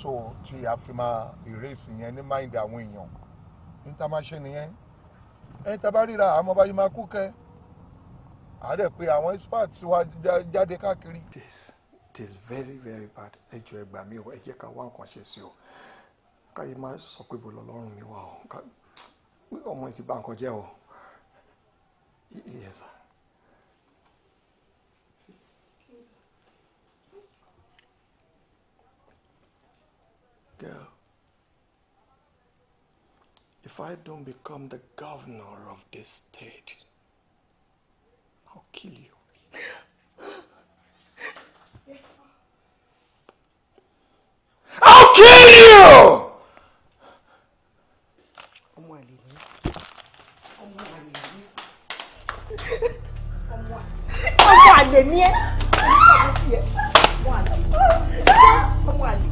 [SPEAKER 4] so tí a fi máa erase yẹn ní mind àwọn èèyàn intermarché nìyẹn ẹ tábà ríra àmọ́ báyìí máa kú kẹ́ àárẹ̀ pé àwọn experts wa jáde káàkiri. it is very very bad ẹ jọ ẹ gbà mí o ẹ jẹ́ ká wá nǹkan ṣe sí o káyé má sọ pé bò lọ́lọ́run mi wà o ọmọ ti bà nǹkan jẹ́ o Girl,
[SPEAKER 5] if I don't become the governor of this state, I'll kill you.
[SPEAKER 7] I'll kill you!
[SPEAKER 3] àlè ní ẹ ọmọ àlè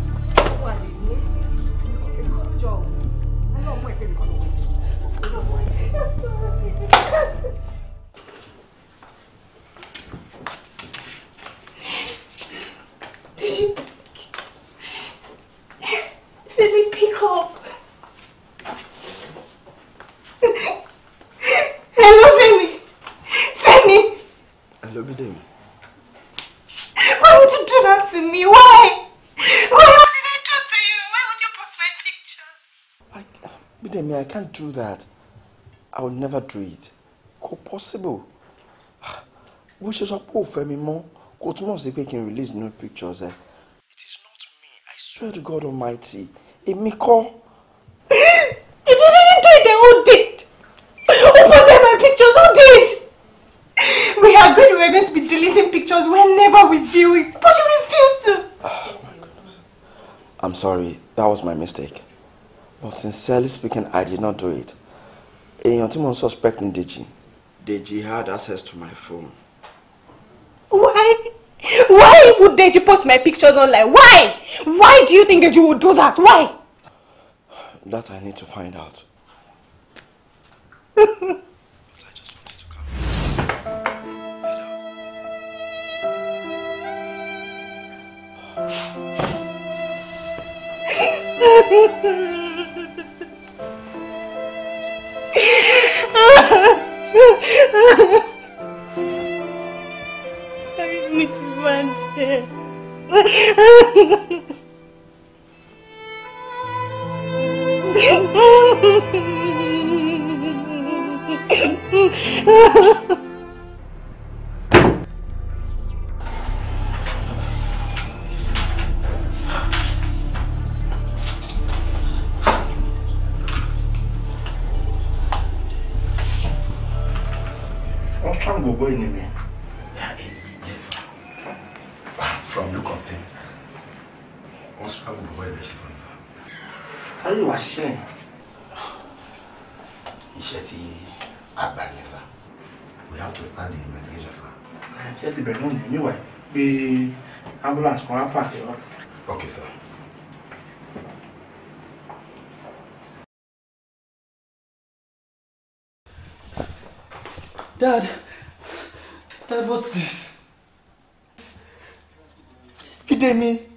[SPEAKER 5] can't do that. I will never do it. Kò possible. Ah, bó ṣe sọ pé ò fẹ́ mi mọ́, kò túmọ̀ sí pé kí n release new pictures ẹ. It is not me, I swear to God Almighty. Èmi kọ́.
[SPEAKER 8] If you didn't do it, then who did? Who posted my pictures? Who did? We agreed we were going to be deleting pictures whenever we view it, but you refused to. Ah, oh my goodness.
[SPEAKER 5] I'm sorry, that was my mistake but sincerely speaking I did not do it èèyàn tí mo ń suspect ni Deji Deji had access to my phone.
[SPEAKER 8] why why would Deji post my pictures online why why do you think Deji would do that why.
[SPEAKER 6] that I need to find out.
[SPEAKER 2] Thank Ayé mi ti máa
[SPEAKER 7] Dad,
[SPEAKER 3] Dad, what's this? Bidemi.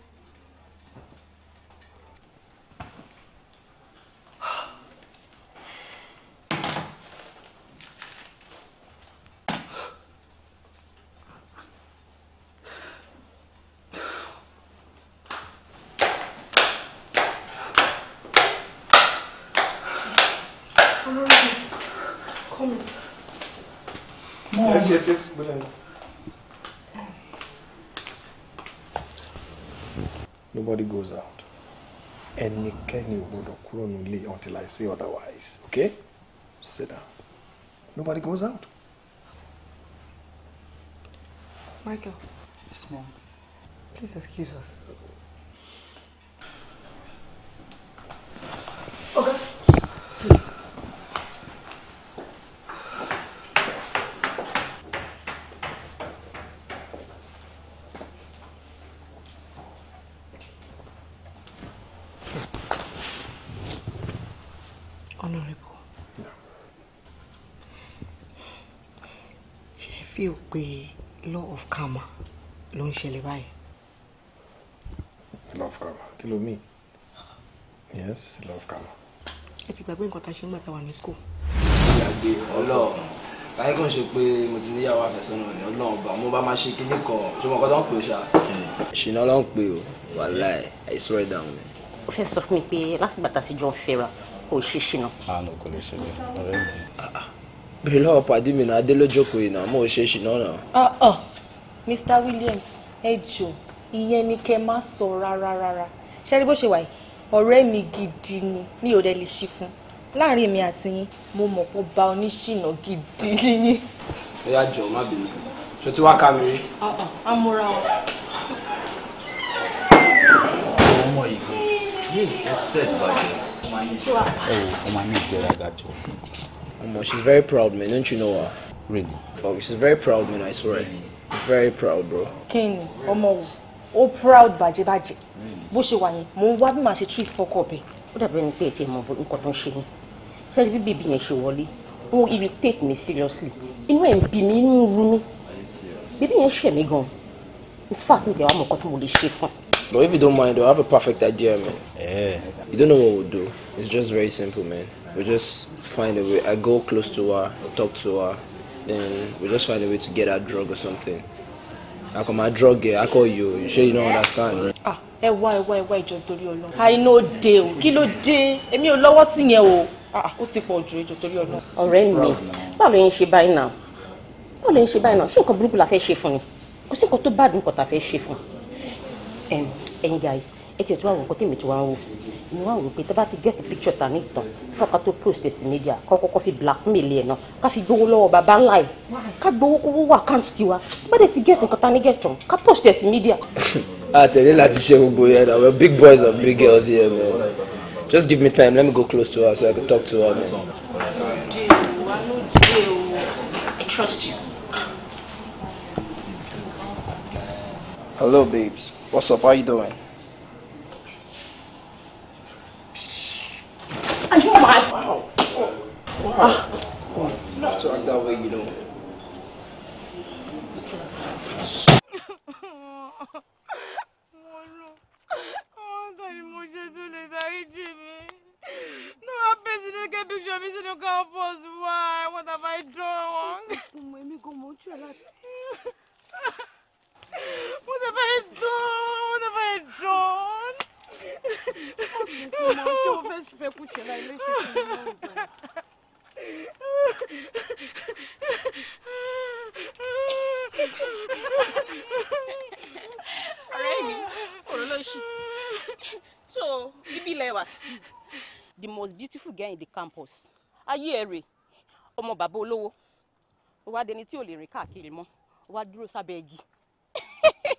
[SPEAKER 5] say otherwise. Okay? So sit down.
[SPEAKER 3] Nobody goes out. Michael. Yes, ma'am. Please excuse us. feel pé law of karma ló ń ṣẹlẹ̀ báyìí. law of karma kí ló mean yes law of karma. ẹ ti gbàgbé nǹkan tá a ṣe
[SPEAKER 6] ń gbà tá a wà ní school. ìyàgbé ọlọ́ọ̀ láyé kàn ṣe pé mo ti níyàwó àfẹ́sọ́nà ni ọlọ́run ọba mo bá máa ṣe kinní kan ṣé mo kọ́ tó ń pè ó ṣá. ṣìnà ọlọ́run pé o wàláì I swear it down. ó fẹ́ sọ fún mi pé láti gbàtà sí jọ ń fẹ́ra kò ṣe ṣìnà. àánú ah, kò lè ṣẹlẹ̀ ọ̀rẹ́ mi. Ah, ah bẹ́ẹ̀ lọ́wọ́ pàdé mi náà adé lójókòó yìí náà mo ò ṣe ṣìnà náà.
[SPEAKER 8] ọ ah, ah, Mr. Williams ẹ jọ̀ọ́ ìyẹn ni kẹ́ má sọ rárá rárá ṣe rí bó ṣe wà yìí ọ̀rẹ́ mi gidi ni mi ò dẹ̀ lè ṣí fún láàrin èmi àti yín mo mọ̀ pé ba oníṣìnà gidi ni yín.
[SPEAKER 6] ẹ yá jọ̀ọ́ má bínú ṣe tí wàá ká mi rí. amúra ah, o. ọmọ ìgò
[SPEAKER 2] yìí ló set bàjẹ́.
[SPEAKER 6] ọmọ ní ìgbéraga jọ. Um, she's very proud, man. Don't you know her? Really? Fuck, she's very proud, man. I swear. Really? Very proud, bro.
[SPEAKER 8] Kí ni, ọmọ o proud bàjẹ́ bàjẹ́. Bushi wani. wà yẹn, mo ń wá bí màá ṣe treat fọ́kọ̀ ọ̀bẹ. Ó dàbí ẹni pé ẹ ti mọ nǹkan tó ń ṣe mí. Ṣé ibi bèbí yẹn ṣe wọlé? irritate me seriously. Inú ẹ̀ ń bí mi, inú ń ru mi. Bèbí yẹn In fact, mi ti wá mọ nǹkan tó mo lè ṣe fún.
[SPEAKER 6] But if you don't mind, I have a perfect idea, man. Yeah. You don't know what we'll do. It's just very simple, man we just find a way. I go close to her, talk to her, then we just find a way to get her drug or something. I call my drug girl, I call you. You sure you don't understand? Ah, eh?
[SPEAKER 8] Why? Why? Why? ẹ wá ìjọ torí Ọlọ́run. àìná dé o kí ló dé èmi ò lọ́wọ́ sí yẹn o ah, ó ti pọ̀ ju ìjọ torí Ọlọ́run. ọ̀rẹ́ mi báwo ló ń ṣe báyìí náà báwo ló ń ṣe báyìí náà ṣé nǹkan burúkú la fẹ́ ṣe fún ni kò sí nǹkan tó bá guys ẹ tiẹ̀ tún àwọn nǹkan tèmi tí mo wá wò pé tó bá ti get picture ta ní ìtàn fọkàn tó post sí media kọ́ fi blackmail ẹ̀ náà ká fi gbowó lọ́wọ́ bàbá ńlá ẹ̀ ká gbowó kówó wà account tiwa tó bá dẹ̀ ti get nǹkan ta ní get tán ká post sí media.
[SPEAKER 6] àtẹ̀lé láti ṣe gbogbo yẹn na we big boys and big girls here man just give me time let me go close to her so I can talk to her man. you. Hello babes, what's up, how you doing?
[SPEAKER 8] Are you mad? Wow. Wow.
[SPEAKER 6] Ah. wow. Not to act that way, you know. No, I'm busy to get picture of me in the campus. Why? What have I done wrong?
[SPEAKER 8] What have I done? What have I done? ṣé o fẹ́ fẹ́ kú ṣe láì léṣe fún so ibi the most beautiful girl in the campus ayé ẹ̀rẹ̀ ọmọ bàbá olówó ó wá dẹni tí ò lè rìn káàkiri mọ́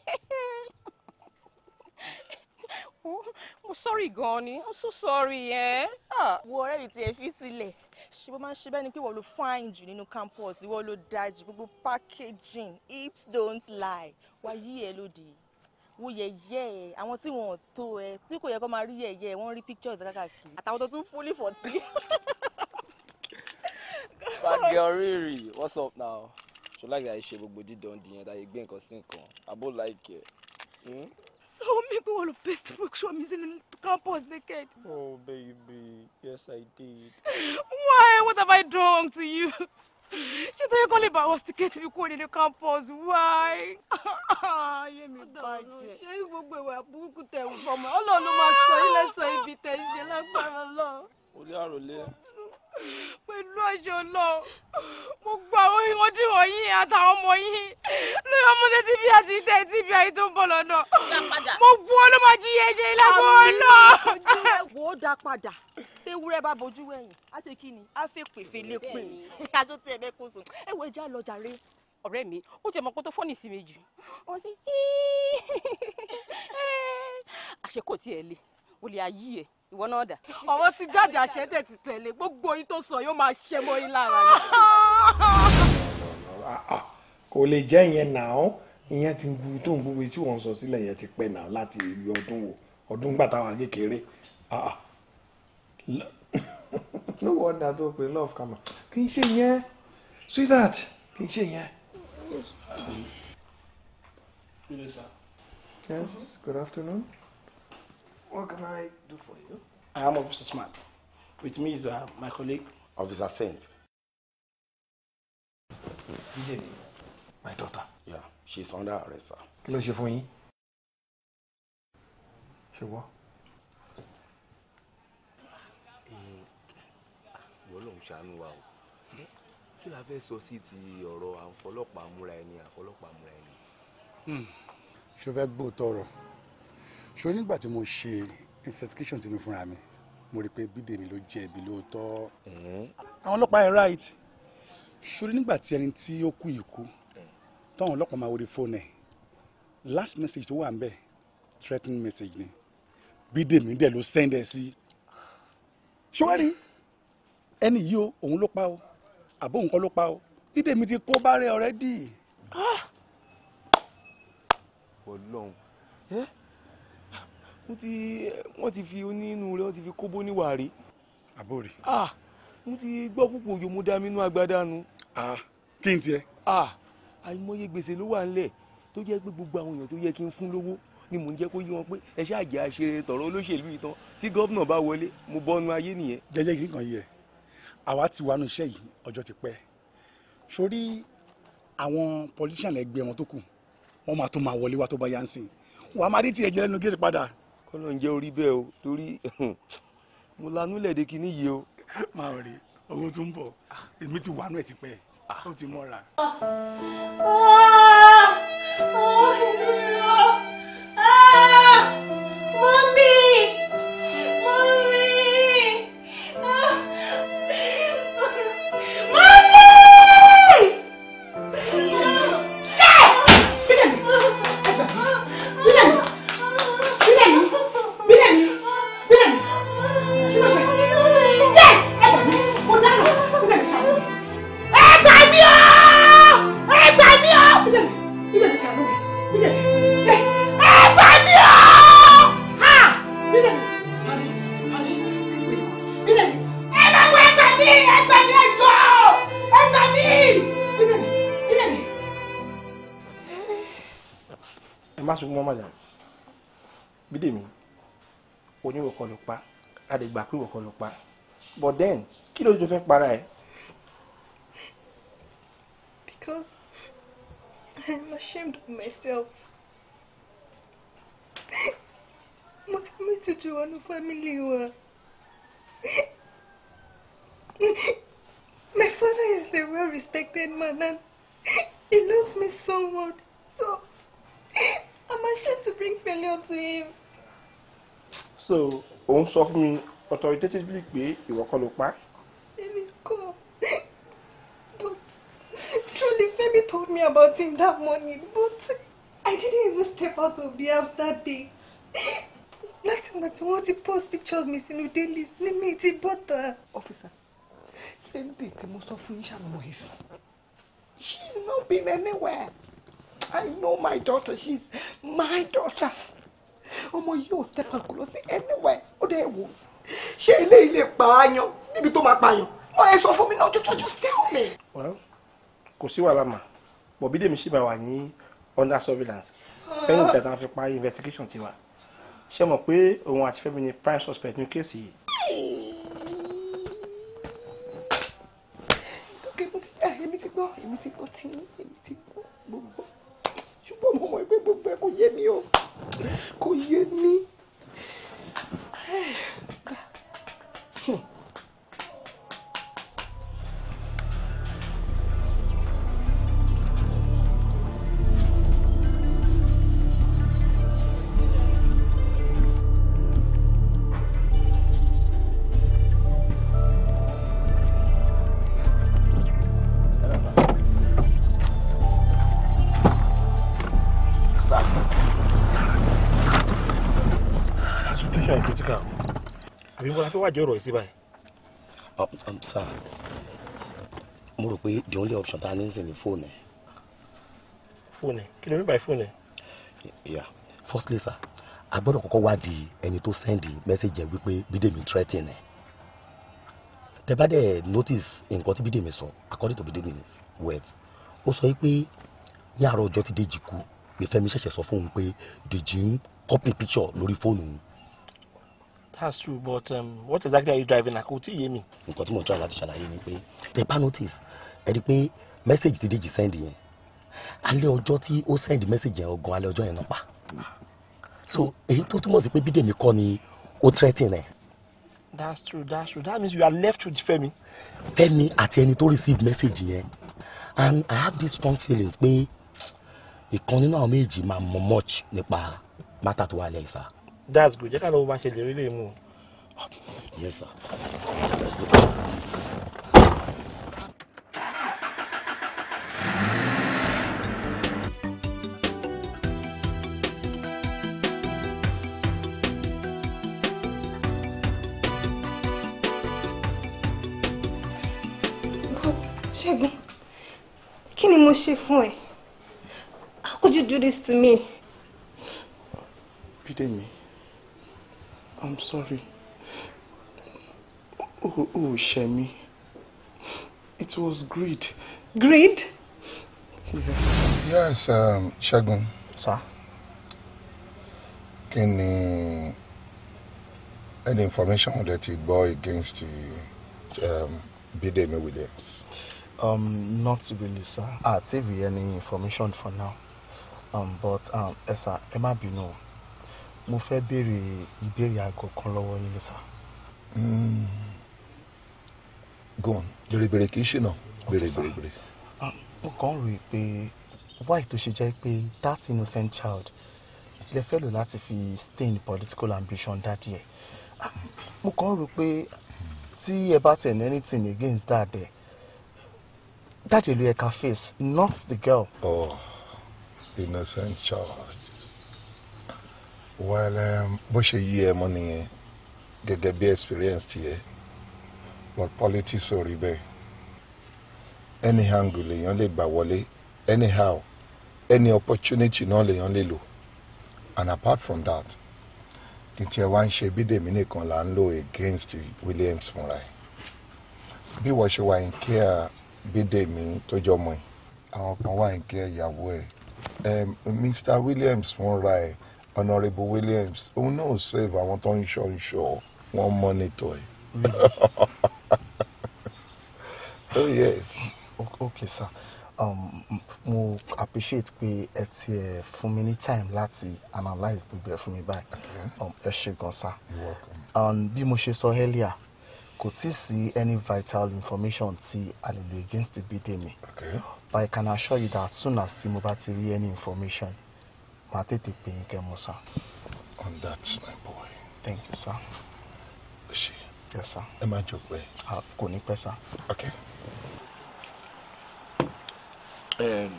[SPEAKER 8] mo sorry Goni. i'm so sorry ẹ. Eh? Ah. wo ọ̀rẹ́ mi ti ẹ̀ fi sílẹ̀ ṣé mo máa ń ṣe bẹ́ẹ̀ ni pé wọ́n ló fine jù nínú campus ìwọ ló dáa gbogbo packaging hips don't lie wá yí ẹ lóde wo yẹyẹ ẹ àwọn tí wọn ò tó ẹ tí kò yẹ kó máa rí yẹyẹ ẹ wọn rí pictures káàkiri àtàwọn tó tún fúlì fọtí. that girl
[SPEAKER 6] riri what's up now ṣọlá ìgbà yìí ṣe gbogbo dídán dìyẹn láyé gbé nǹkan I nǹkan àbó láìkẹ.
[SPEAKER 8] So maybe one of best work show me in campus naked.
[SPEAKER 6] Oh baby, yes I did.
[SPEAKER 8] Why? What have I done to you? Ṣé tó yẹ kọ́ lè bá àwọn tíkẹ́ẹ̀tì mi kúrò nínú campus
[SPEAKER 6] why?
[SPEAKER 7] Ayé mi bàjẹ́. Ṣé gbogbo ìwà burúkú tẹ̀ ń fọmọ? Ọlọ́run ló máa sọ ilé sọ ibi tẹ̀ ń ṣe lágbára lọ.
[SPEAKER 6] Olé àròlé
[SPEAKER 8] pẹ̀lú àṣẹ ọlọ́run mo àwọn ìwọ̀n tí wọ́n yín àtàwọn ọmọ yín lórí ọmọdé tí bí àti tẹ́ tí bí ayé tó ń bọ̀ lọ́dọ̀ mo gbọ́ ló máa jí yẹn ṣe ìlàgbọ́ ọlọ́. wò ó dá padà ewúrẹ́ bá bojú wẹ̀yìn á ṣe kí ni á fẹ́ pè fẹ́lẹ́ pè àjọ tí ẹ̀mẹ́ kò sùn ẹ wọ ẹja lọ jàre. ọ̀rẹ́ mi ó jẹ́ mọ tó fọ́ọ̀nì sí mi jù wọ́n ṣe àṣekò tí ẹ lé wọlé ayé ẹ̀ ìwọ náà dà. ọwọ́ ti jáde àṣẹ tẹ̀ ti tẹ̀lé gbogbo yín tó sọ yóò máa ṣe mọ́ yín lára ni.
[SPEAKER 5] kò lè jẹ́ ìyẹn náà ìyẹn ti gbu tó ń gbúwe tí wọ́n sọ sílẹ̀ yẹn ti pẹ́ náà láti ibi ọdún wo ọdún gbà kékeré ah, ah. no wonder tó pe love kama
[SPEAKER 4] kì í ṣe yẹn sweetheart kì í ṣe yẹn. Yes, good afternoon. What can I do for you?
[SPEAKER 5] I am Officer Smart. With me is uh, my colleague. Officer Saint. Ijeni, my daughter. Yeah, she's under arrest, sir.
[SPEAKER 4] Kí ló ṣe She
[SPEAKER 7] what?
[SPEAKER 1] Ṣùgbọ́n. Ìwọ lòun ṣàánú wa o. Kí la fẹ́ sọ sí ti ọ̀rọ̀ àǹfọlọ́pàá múra ẹni àǹfọlọ́pàá múra ẹni?
[SPEAKER 5] Hmm. Ṣo fẹ́ gbóòótọ́ ọ̀rọ̀? ṣó nígbà tí mo ṣe investigation tí mi fúnra mi mo rí i pé bídèmí ló jẹ̀bi lóòótọ́ àwọn ọlọ́pàá yẹn right ṣó nígbà tí ẹni tí ó kú ikú táwọn ọlọ́pàá máa wọlé fóònù ẹ̀ last message tó wà ń bẹ̀ threatening message ni bídèmí dẹ̀ ló send ẹ̀ sí ṣó wá rí ẹni yìí o òun ló pa o àbó nǹkan ló pa o bídèmí ti kó bá rẹ already. Ah!
[SPEAKER 1] ọlọ́run wọ́n ti fi onínú rẹ̀ wọ́n ti fi kóbó níwà rí. àbórí. ah mo ti gbọ́ púpọ̀ òjò mo dá mi inú agbada ah kí n tiẹ̀. ah àìmọye gbèsè ló wà nílẹ̀ tó jẹ́ pé gbogbo àwọn èèyàn tó yẹ kí n fún lówó ni mò ń jẹ́ kó yí wọn pé ẹ ṣáà jẹ́ àṣẹ tọ̀rọ̀ olóṣèlú yìí tán tí gómìnà bá wọlé mo bọ́nu ayé nìyẹn. jẹ́jẹ́ kìí kàn yẹ àwa ti wà nù iṣẹ́ yìí ọjọ́ ti pẹ́ sórí àwọn politician
[SPEAKER 5] ẹgbẹ́ wọn tó kù wọ́n máa tó máa wọlé wa tó bá yá ń sìn wàá máa rí tiẹ̀ jẹ́ lẹ́nu gẹ́gẹ́ padà
[SPEAKER 1] Ọlọ́run jẹ́ orí bẹ́ẹ̀ o torí
[SPEAKER 5] mo lanú lẹ̀dẹ̀ kínní yìí o. máa rí owó tó ń bọ̀ èmi ti wà nù ẹ̀ ti pẹ́ ó ti mọ́ra. Ah, ah,
[SPEAKER 8] ah,
[SPEAKER 7] mọ́mí.
[SPEAKER 5] àdìgbà pé ìwọ ló pa but then kí ló tó fẹ́ para ẹ̀.
[SPEAKER 2] because
[SPEAKER 3] I am ashamed of myself. mo ti mú ìtújú wọnú fámìlì wa.
[SPEAKER 2] My father is a well-respected man and he loves me so much. So I'm ashamed to bring failure to him.
[SPEAKER 5] So òun sọ fún mi authoritatively pé ìwọ kọ́ ló pa.
[SPEAKER 3] èmi kọ́ but truly Femi told me about him that morning but I didn't even step out of the house that day láti ìgbà tí ti post pictures mi sínú dailies ní mi ti bọ́tà. officer same day tí mo sọ fún yín ṣàmùmọ̀ ẹ̀sìn she's not been anywhere I know my daughter she's my daughter ọmọ yìí ò step and ó dẹ̀ wò ṣé ilé ilé pààyàn níbi tó máa pààyàn ọ ẹ sọ fún mi náà jọjọ just tell me.
[SPEAKER 5] well kò sí wàhálà mà bọ̀bí dèmi ṣì máa wà ní under surveillance lẹ́yìn ìgbà tá a fi parí investigation tiwa ṣé mọ̀ pé òun àti Fẹ́mi ni prime suspect ní kéèsì
[SPEAKER 7] yìí.
[SPEAKER 3] Eh, èmi ti gbọ́ èmi ti gbọ́ tí èmi ti gbọ́ gbogbo bọ́ mo mọ̀ pé gbogbo ẹ̀ kò yé mi o kò yé mi.
[SPEAKER 5] la fẹ́ wájú ọ̀rọ̀ báyìí. Oh, um, sir mo rò pé the only option tá a ní ń sìn ní fóònù ẹ. fóònù ẹ kí ló ń báyìí fóònù ẹ. yeah firstly sir a gbọ́dọ̀ kọ́kọ́ wádìí ẹni tó sẹ́ndì mẹ́sẹ̀jì ẹ̀ wípé bídèmí threatening ẹ̀ tẹ́ bá dẹ̀ notice nǹkan tí bídèmí sọ according to bídèmí words ó sọ pé ní àárọ̀ ọjọ́ tí dèjì kú pé fẹ́mi ṣẹ̀ṣẹ̀ sọ fóun pé dèjì ń copy picture lórí fóònù òun that's true but um, what exactly are you driving at kò tí ì yé mi. nǹkan tí mo try láti ṣàlàyé ni pé tẹ bá notice ẹ rí i pé message ti Dèjì send yẹn alẹ́ ọjọ́ tí ó send message yẹn ọgàn alẹ́ ọjọ́ yẹn náà pa so èyí tó túmọ̀ sí pé Bídèmí kọ́ ni ó threatening. ẹ̀.
[SPEAKER 6] that's true that's true that means you are left with Fẹ́mi.
[SPEAKER 5] Fẹ́mi àti ẹni tó receive message yẹn and I have these strong feelings pé ìkan nínú àwọn méjì máa mọ much nípa mátà tó wà lẹ́yìn sáà that's good jẹ́ ká lọ́wọ́ bá ń ṣe lè rí lè mú yes sir let's go.
[SPEAKER 2] Ṣẹ́gun, kí ni mo ṣe fún ẹ? How could you do this to me?
[SPEAKER 5] Bídèmí i'm sorry oh, oh, ṣẹ̀ it was greed.
[SPEAKER 2] greed.
[SPEAKER 4] yes. yes um, ṣẹ́gun. sir. Can ni any information that you gbọ́ against you, um, Bidemi Williams.
[SPEAKER 5] Um, not really, sir. Àti rí any information for now. Um, but um, ẹ sà, ẹ má bínú mo fẹ́ béèrè
[SPEAKER 4] ìbéèrè àgọ́ kan lọ́wọ́ yín ni sà. Hmm. gun bèrèbèrè kì í ṣìnà bèrèbèrè. Ah, mo kàn ń rò ó pé why
[SPEAKER 5] tó ṣe jẹ́ pé that innocent child lè fẹ́ lò láti fi stain political ambition dáàdì ẹ̀ ah, mo kàn ń rò ó pé tí ẹ bá tẹ̀ ní anything
[SPEAKER 4] against that ẹ̀ dáàdì ló yẹ ká face not the girl. oh innocent child well um, bó ṣe yí ẹ mọ́ nìyẹn gẹ́gẹ́ bí experience here. but politics sorry, rí any angle only by Wally. anyhow any opportunity náà only low. and apart from that kì í one wá Be the bídèmí nìkan là ń against Williams fúnra ẹ̀ bí wọ́n ṣe wà ń kí ẹ bídèmí tó jọ mọ́ ẹ àwọn kan wà ń kí ẹ Mr. Williams fúnra ẹ̀ honourable williams òun náà save àwọn tó ń ṣọ ń ṣọ wọn mọ́nítọ̀ ẹ̀. oh yes.
[SPEAKER 5] okay sir um, mo appreciate pé ẹ ti ẹ fún mi ní time láti analyse gbogbo ẹ fún mi báyìí um, ẹ ṣé gan sir. You're welcome. and bí mo ṣe sọ earlier kò tí ì sí any vital information tí a against the against Bídèmí. Okay. but I can assure you that as soon as tí mo bá ti rí any information màá tètè pè yín kẹ́ on that my boy. thank you sir. o ṣe. yes sir. ẹ má jò pé. kò ní pẹ́ sá. okay. Um,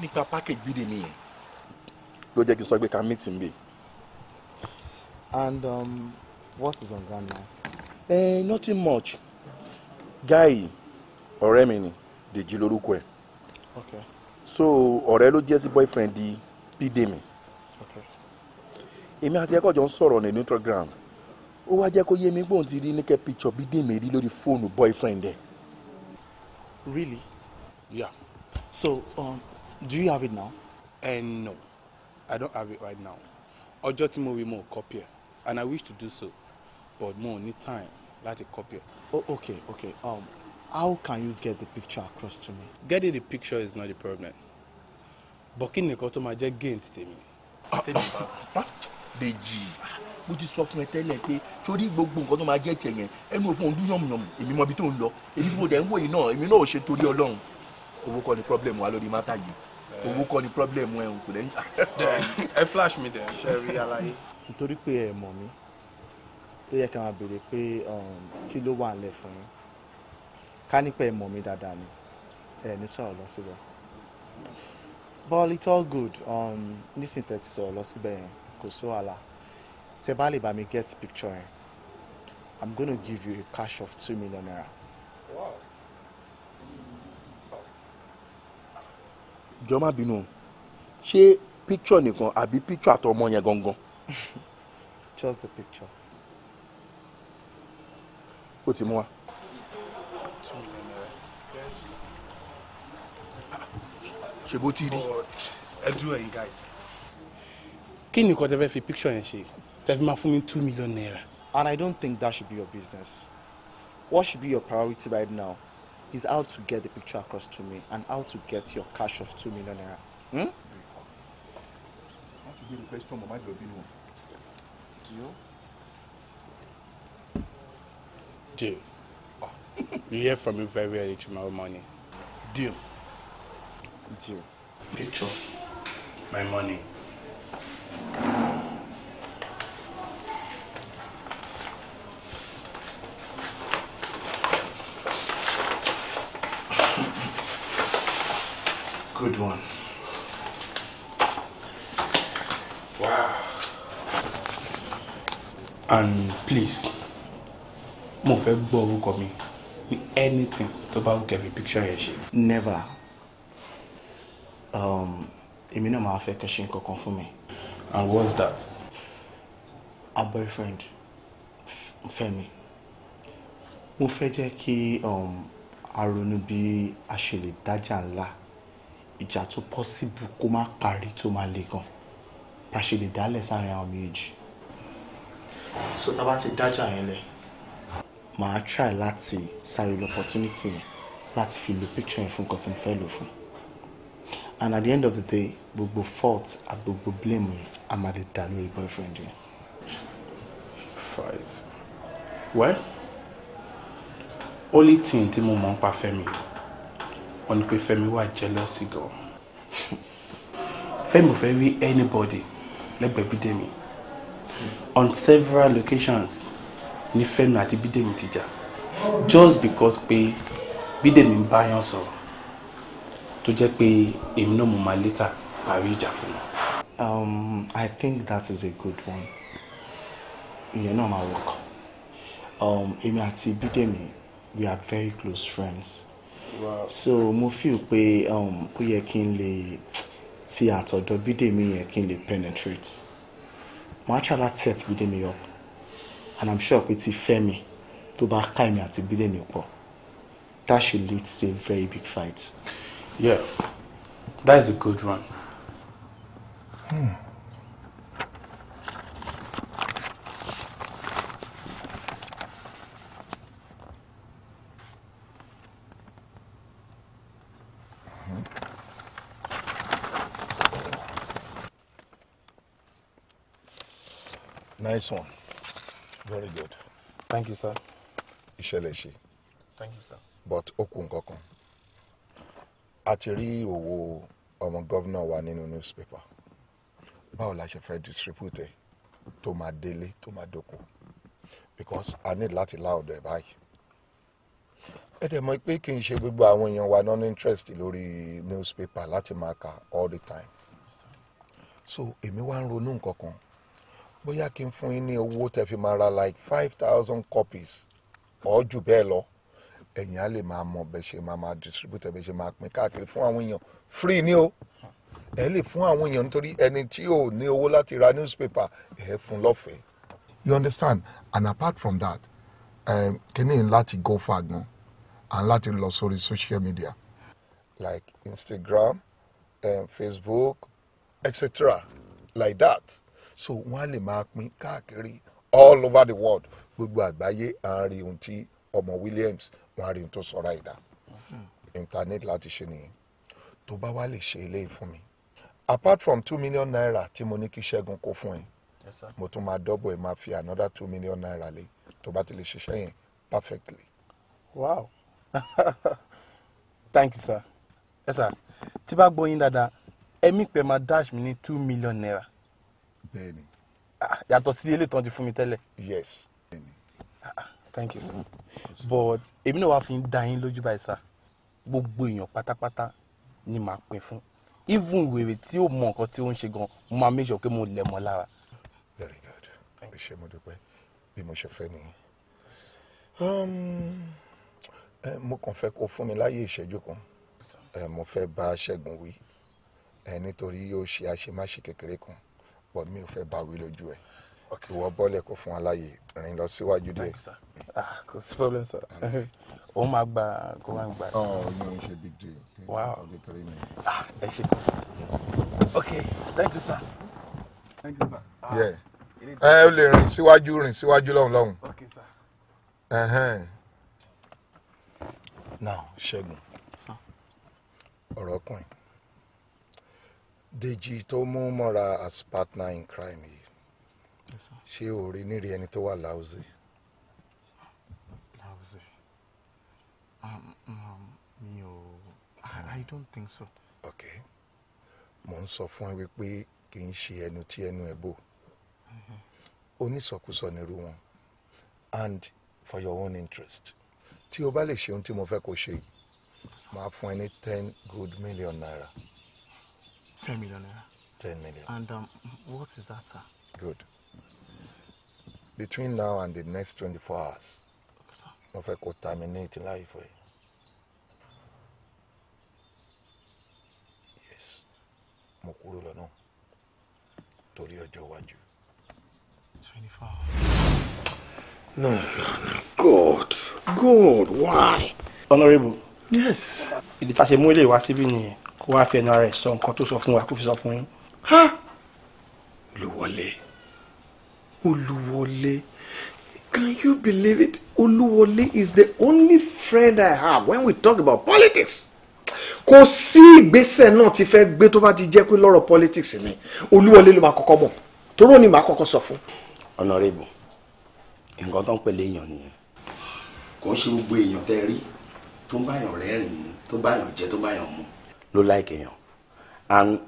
[SPEAKER 5] nípa package gbídé mi yẹn ló jẹ́ kí n sọ pé ká meet him be. and um, what is on ground now. Eh, nothing much guy ọ̀rẹ́ mi ni Dèjì lórúkọ ẹ̀ so ọ̀rẹ́ ló jẹ́ sí boyfriend di. Bídèmí èmi àti ẹkọ jọ ń sọ̀rọ̀ ní neutral ground ó wá jẹ́ kó yé mi gbóhùn ti rí níkẹ́ picture Bídèmí rí lórí fóònù boyfriend ẹ̀. Really? Yeah. So, um, do you have it now? Uh, no, I don't have it right now. Ọjọ́ tí mo rí mo copy ẹ̀ and I wish to do so but mo need time láti copy ẹ̀. Oh, okay, okay. Um, how can you get the picture across to me? Getting the picture is not the problem bọ̀ kí nìkan tó máa jẹ́ gain ti tèmi. Ah, ah, ah, Dèjì mo ti sọ fún ẹ tẹ́lẹ̀ pé sórí gbogbo nǹkan tó máa jẹ́ tiẹ̀ yẹn ẹnu òfin òun yànmùyànmù èmi mọ ibi tó ń lọ èmi tí mo dẹ̀ ń wòye náà èmi náà ò ṣe torí Ọlọ́run owó kọ́ ni problem wa lórí mátà yìí owó kọ́ ni problem ẹ̀ ń kò lẹ́yìn. ẹ flash mi dẹ̀ ṣe rí àlàyé. ti torí pé ẹ mọ̀ mi ló yẹ ká máa béèrè pé um, kí ló wà nílẹ̀ fún yín ká nípa ẹ mọ̀ mi dáadáa ni ẹ ní sọ̀rọ̀ lọ síbẹ̀ but it's all good um, nísìnyí tẹ̀ ti sọ̀rọ̀ lọ síbẹ̀ yẹn kò sí wàhálà tẹ bá lè mi get picture yẹn i'm gonna give you a cash of two million naira. Wow. má binu. She picture nìkan àbí picture àtọmọ yẹn gangan. just the picture. ó ti mú wa. ṣe bó ti rí. guys. kí ni nǹkan tẹ fẹ́ fi picture yẹn ṣe tẹ fi máa fún mi two million naira. and i don't think that should be your business what should be your priority right now is how to get the picture across to me and how to get your cash of two million naira. Hmm? deal. deal. you hear from me very early tomorrow morning. deal. It's you. Picture. My money. Good one. Wow. And please, move a gbọ́ orúkọ me. anything to bá wù a picture yẹn ṣe. Never Um, èmi náà máa fẹ́ kẹ́ṣin kankan fún mi. and what's that? her boyfriend Fẹ́mi mo fẹ́ jẹ́ kí um, a ronú bí a ṣe lè dájà ńlá ìjà tó pọ́síbù kó má parí tó má le gan bá ṣe lè dálẹ̀ sáàrin àwọn méjì. so tá a bá ti dájà yẹn lẹ màá try láti sáré lọ opportunity yẹn láti fi lo picture yẹn fún nǹkan tí mo fẹ́ lò fún and at the end of the day gbogbo fault and gbogbo blame yẹn a máa lè dà lórí boyfriend yẹn. fight. well only thing tí mo mọ̀ ń pa Fẹ́mi wọ́n ní pé Fẹ́mi wà jealousy gan. Fẹ́mi ò fẹ́ rí anybody lẹ́gbẹ̀ẹ́ Bídèmí on several locations ní Fẹ́mi àti Bídèmí ti jà just because pé Bídèmí ń báyàn sọ̀rọ̀ tó jẹ́ pé èmi náà mo máa létà parí ìjà fún wọn. Um, I think that is a good one. Ìyẹn náà máa work. Um, èmi àti Bídèmí, we are very close friends. So mo feel pé um, ó yẹ kí n lè ti àtọ̀dọ̀ Bídèmí yẹn kí n lè penetrate. Màá try láti set Bídèmí up and I'm sure pé ti Fẹ́mi tó bá ká èmi àti Bídèmí pọ̀ that should lead to a very big fight. Yeah, that is a good one. Hmm.
[SPEAKER 4] Mm-hmm. Nice one. Very good. Thank you, sir. Ìṣẹ̀lẹ̀ Thank you, sir. But okun kù a ti rí òwò ọmọ gọ́vnà wa nínú newspaper báwo la ṣe fẹ́ distribute tó máa délé tó máa dóko because I need láti láòdọ̀ ẹ̀ báyìí ẹ dẹ̀ mọ̀ pé kì í ṣe gbogbo àwọn èèyàn wa non interest lórí newspaper láti máa kà all the time so èmi wá ń ronú nǹkan kan bóyá kí n fún yín ní owó tẹ́ fi máa ra like five thousand copies or jù bẹ́ẹ̀ lọ ẹ̀yin á lè máa mọ bẹ́ẹ̀ ṣe máa máa distribute bẹ́ẹ̀ ṣe máa pín káàkiri fún àwọn èèyàn free ni o ẹ lè fún àwọn èèyàn nítorí ẹni tí ò ní owó láti ra newspaper ẹ fún lọ́fẹ̀ẹ́. you understand and apart from that um, kíní láti go far gan and láti lọ sórí social media. like Instagram um, Facebook etc like that so wọ́n á lè máa pín káàkiri all over the world gbogbo àgbáyé à ń rí ohun tí ọmọ Williams wọn á rí n tó sọ ìdá internet láti ṣe nìyẹn tó bá wá lè ṣe eléyìí fún mi apart from two million naira tí mo ní kí Ṣẹ́gun kó fún
[SPEAKER 5] ẹ mo
[SPEAKER 4] tún máa dọ́gbọ̀ ẹ̀ máa fi another two million naira lé tó bá ti lè ṣiṣẹ́ yẹn perfectly.
[SPEAKER 5] wow thank you sir ẹ sà tí bá gbọ́ yín dáadáa ẹ̀mí pẹ̀ máa dash mi ní two million naira. bẹ́ẹ̀ni. Ah, yàtọ̀ sí eléyìí tí wọ́n ti fún mi tẹ́lẹ̀. yes. bẹ́ẹ̀ni. Ah, ah thank you sir mm-hmm. but èmi náà wàá fi ń da yín lójú báyìí sir gbogbo èèyàn pátápátá ni màá pín fún even wèrè tí ó mọ nǹkan tí ó ń ṣe gan mo máa make sure pé mo lẹ̀ mọ́ lára.
[SPEAKER 4] very good ẹ ṣé mo dúpẹ́ bí mo ṣe fẹ́ nìyí um, mo kàn fẹ́ kó fún mi láyé ìṣẹ́jú kan mo fẹ́ bá Ṣẹ́gun wí nítorí yóò ṣe àṣemáṣe kékeré kan but mi ò fẹ́ bá wí lójú ẹ̀ ìwọ bọ́ọ̀lẹ̀ kó fún aláyè rìn lọ síwájú díẹ̀. Ah, kò sí problem sir ó máa gba kó máa gba. ọ ní o ṣe big deal. wow ah, ẹ ṣe kò sọ ok thank you sir. thank you sir. Ah, ẹ ẹ lè rìn síwájú rìn síwájú lọ́hùn lọ́hùn. ok sir. Uh-huh. now ṣẹ́gun ọ̀rọ̀ kùn-ín Dèjì tó mú mọ́ra as partner in crime yìí ṣé o rí nírí ẹni tó wà láwùzí. láwùzí um, um, mi ò i don't think so. ok mo ń sọ fún ẹ wípé kì í ṣe ẹnu tí ẹnu ẹ bò
[SPEAKER 2] mm-hmm.
[SPEAKER 4] onísọkúsọ nírú wọn and for your own interest tí o bá lè ṣe ohun tí mo fẹ́ kó ṣe yìí máa fún ẹ ní ten good million naira. ten million naira. ten million. and um, what is that sir. good between now and the next 24 hours mo fẹ́ kó terminate life ẹ. yes mo kúrò lọ́nà torí ọjọ́ iwájú. twenty
[SPEAKER 5] no no no god god why. honourable. yes. ìdí tá a ṣe mú ilé wá síbí nìyẹn kó wáá fi ẹnu ara ẹ sọ nǹkan tó sọ fún wa kó fi sọ fún yín. ha ló Oluwole. Can you believe it? Oluwole is the only friend I have when we talk about politics. Kò sí ìgbésẹ̀ náà ti fẹ́ gbé tó bá ti jẹ́ pé lọ́rọ̀ politics ni. Oluwole ló máa kọ́kọ́ mọ̀. Toró ni màá kọ́kọ́ sọ fún. Honorable, nǹkan tó ń pèlè èèyàn nìyẹn. Kò ń ṣe gbogbo èèyàn tẹ́ rí
[SPEAKER 1] tó ń báyàn rẹ́rìn-ín, tó báyàn jẹ, tó báyàn mu.
[SPEAKER 5] Ló láìkèèyàn. And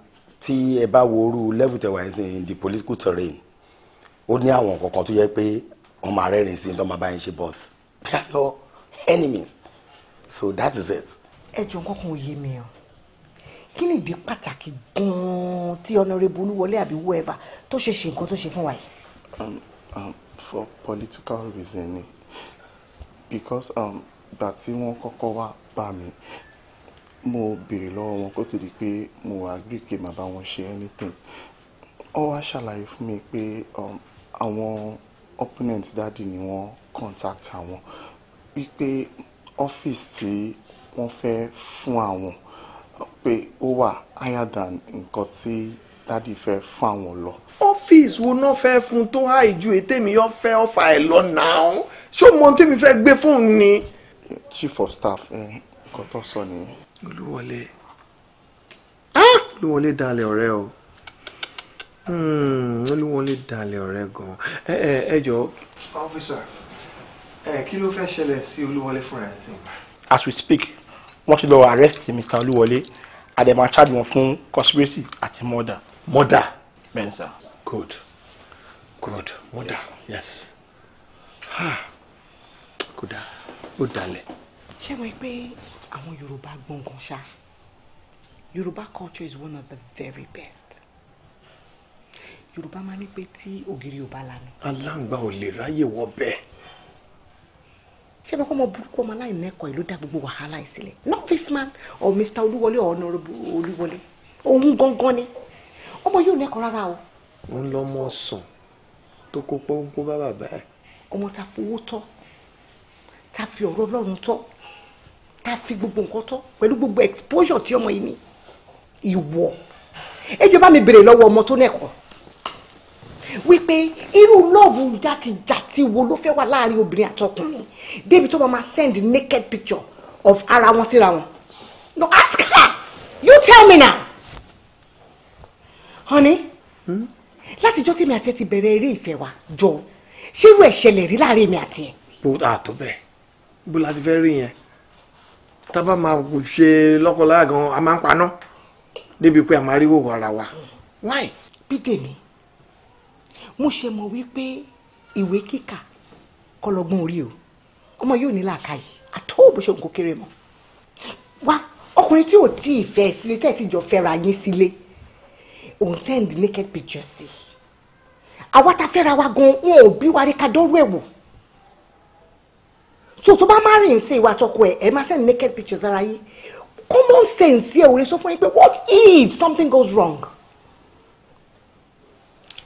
[SPEAKER 5] tí ẹ bá wo level tẹ̀wá ẹ̀ sìn in the political terrain ó ní àwọn kankan tó yẹ pé wọ́n máa rẹ́rìn sí tó máa bá yín ṣe but they are your enemies so that is it.
[SPEAKER 3] ẹ jọ nǹkan kan ò yé mi o kí ni ìdí pàtàkì gan-an tí ọ̀nàrẹ́bù olúwọlé àbí whoever tó ṣe ṣe nǹkan tó ṣe fún wa yìí.
[SPEAKER 5] Um, um for political reason ni because um, that tí wọ́n kọ́kọ́ wá bá mi mo béèrè lọ́wọ́ wọn kó tó di pé mo agree kí màá bá wọn ṣe anything wọ́n wá ṣàlàyé fún mi pé um, àwọn opponent dádì ni wọ́n contact àwọn wípé ọ́fíìsì tí wọ́n fẹ́ fún àwọn pé ó wà higher than nǹkan tí dádì fẹ́ fún àwọn lọ. ọ́fíìsì wo náà fẹ́ fún tó háì ju ètèmi yọ fẹ́ ọ̀fà ẹ̀ lọ náà ṣé o mọ ohun tèmi fẹ́ gbé fún un ni. chief of staff nǹkan tó sọ nìyẹn. olúwọlé olúwọlé dalẹ̀ ọ̀rẹ́ o. Hmm, olúwọlé dalẹ̀ ọ̀rẹ́ gan-an ẹ ẹ ẹ jọ.
[SPEAKER 4] ọ́fíìsà ẹ kí ló fẹ́ ṣẹlẹ̀ sí olúwọlé fúnra ẹ̀ sìn.
[SPEAKER 5] as we speak wọ́n ti lọ arrest mr olúwọlé àdèmà charge wọn fún conspiracy àti murder.
[SPEAKER 7] murder.
[SPEAKER 6] bẹ́ẹ̀ sir.
[SPEAKER 5] good good murder yes.
[SPEAKER 3] kò dáa
[SPEAKER 7] ó dalẹ̀.
[SPEAKER 6] ṣé wọ́n
[SPEAKER 3] pé àwọn yorùbá gbọ̀ngàn ṣá yorùbá culture is one of the very best yorùbá máa ní pé tí ògiri ò bá lanu.
[SPEAKER 5] aláǹgbá ò lè ráyè wọ bẹ́ẹ̀.
[SPEAKER 3] ṣé bá kọ́ ọmọ burúkú ọmọ aláìnẹ́kọ̀ọ́ ìlú dá gbogbo wàhálà yìí sílẹ̀ not this man or oh, mr olúwọlé or honourable olúwọlé òun gangan ni ọmọ yóò nẹ́kọ̀ọ́ rárá o.
[SPEAKER 5] ń lọ́mọ sùn tó kó pọ́npọ́ bá
[SPEAKER 3] bàbá ẹ̀. ọmọ ta fowó tọ́ ta fi ọ̀rọ̀ ọlọ́run tọ́ ta fi gbogbo nǹkan tọ́ pẹ̀lú gbogbo exposure tí ọmọ yìí ní ìwọ ẹ mi béèrè lọ́wọ́ ọmọ tó nẹ́kọ̀ọ́ wípé irú lọ́ọ̀bù jàtijàti wo ló fẹ́ wà láàrin obìnrin àtọkùnrin débi tó máa send naked picture of ara wọn síra wọn no ask her you tell me now honey hmm? látijọ́ tèmi àti ẹ ti bẹ̀rẹ̀ eré ìfẹ́ wa jọ ṣé irú ẹ̀ ṣẹlẹ̀ rí láàrin èmi àti ẹ.
[SPEAKER 5] bó a tó bẹ́ẹ̀ bó la ti fẹ́ rí yẹn tá a bá máa ṣe lọ́kọ̀ọ́láyà gan-an a máa ń paná débi pé a máa ríwò ara
[SPEAKER 3] wa. Hmm. why bí dèmi mo ṣe mọ̀ wípé ìwé kíkà kọlọgbọ́n orí o ọmọ yóò ní làákàyè àtọ́ òbò ṣe nǹkan kéré mọ́ wá ọkùnrin tí ò tí ì fẹ́ sílé tẹ́ ẹ̀ ti jọ fẹ́ra yín sílé òun send naked pictures sí i àwa ta fẹ́ra wa gan wọn ò bí wa ká dọ́rú ẹ̀ wò so tó bá má rìn sí ìwà àtọkọ ẹ ẹ máa send naked pictures ara yín common sense yẹ ò lè sọ fún yín pé what if something goes wrong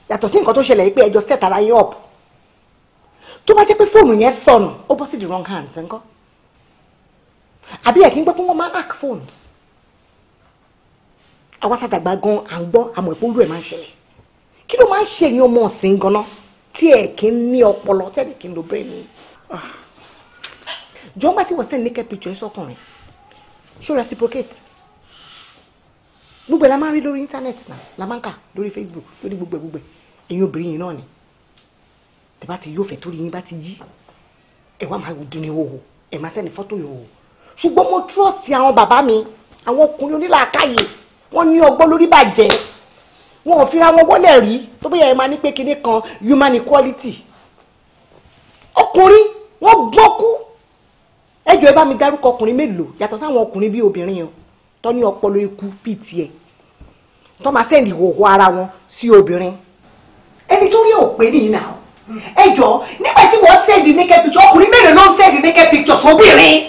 [SPEAKER 3] yàtọ̀ sí nǹkan tó ṣẹlẹ̀ yìí pé ẹjọ́ set ara yín up tó bá jẹ́ pé fóònù yẹn sọnù ó bọ́ sí the wrong hands ńkọ́ àbí ẹ̀ kí n gbọ́ pé wọ́n máa hack phones àwa tàdàgbà gan à ń gbọ́ àmọ́ ìpòrú ẹ̀ máa ń ṣẹlẹ̀ kí ló máa ń ṣe èyàn ọmọ ọ̀sìn ganan tí ẹ̀ kí ń ní ọpọlọ tẹ́lẹ̀ kí ń lo brain yìí ah. jọ̀ọ́ bá ti wọ́n send naked picture ẹ̀ sọkùnrin ṣó reciprocate gbogbo ẹ̀ la máa ń rí lórí íńtánẹ́ẹ̀tì náà la máa ń kà lórí Facebook lórí gbogbo ẹ̀ gbogbo ẹ̀ ẹ̀yin obìnrin yìí náà ni tẹ bá ti yóò fẹ́ torí yín bá ti yí ẹ wá máa dun ní ìhòòhò ẹ máa sẹ́ni fọ́tò ìhòòhò ṣùgbọ́n mo trust àwọn bàbá mi àwọn ọkùnrin onílàákàyè wọ́n ní ọgbọ́n lórí bàjẹ́ wọn ò fira wọn wọlé rí tó bóyá ẹ máa ní pé kinní kan human equality ọkùnrin wọ́n gbọ́n kú ẹ jọ̀ọ́ ẹ bá mi dárúkọ ọkùnrin mélòó yàtọ̀ sáwọn ọkùnrin bíi obìnrin yẹn tó ní ọpọlọ ikú bíi tiẹ̀ tó máa sẹ́ni ìhòòhò ara wọn sí obìnrin. Si ẹni tó rí òpè nìyí náà ẹ jọ nígbà tí wọ́n send naked picture ọkùnrin mélòó ló ń send naked picture sóbìnrin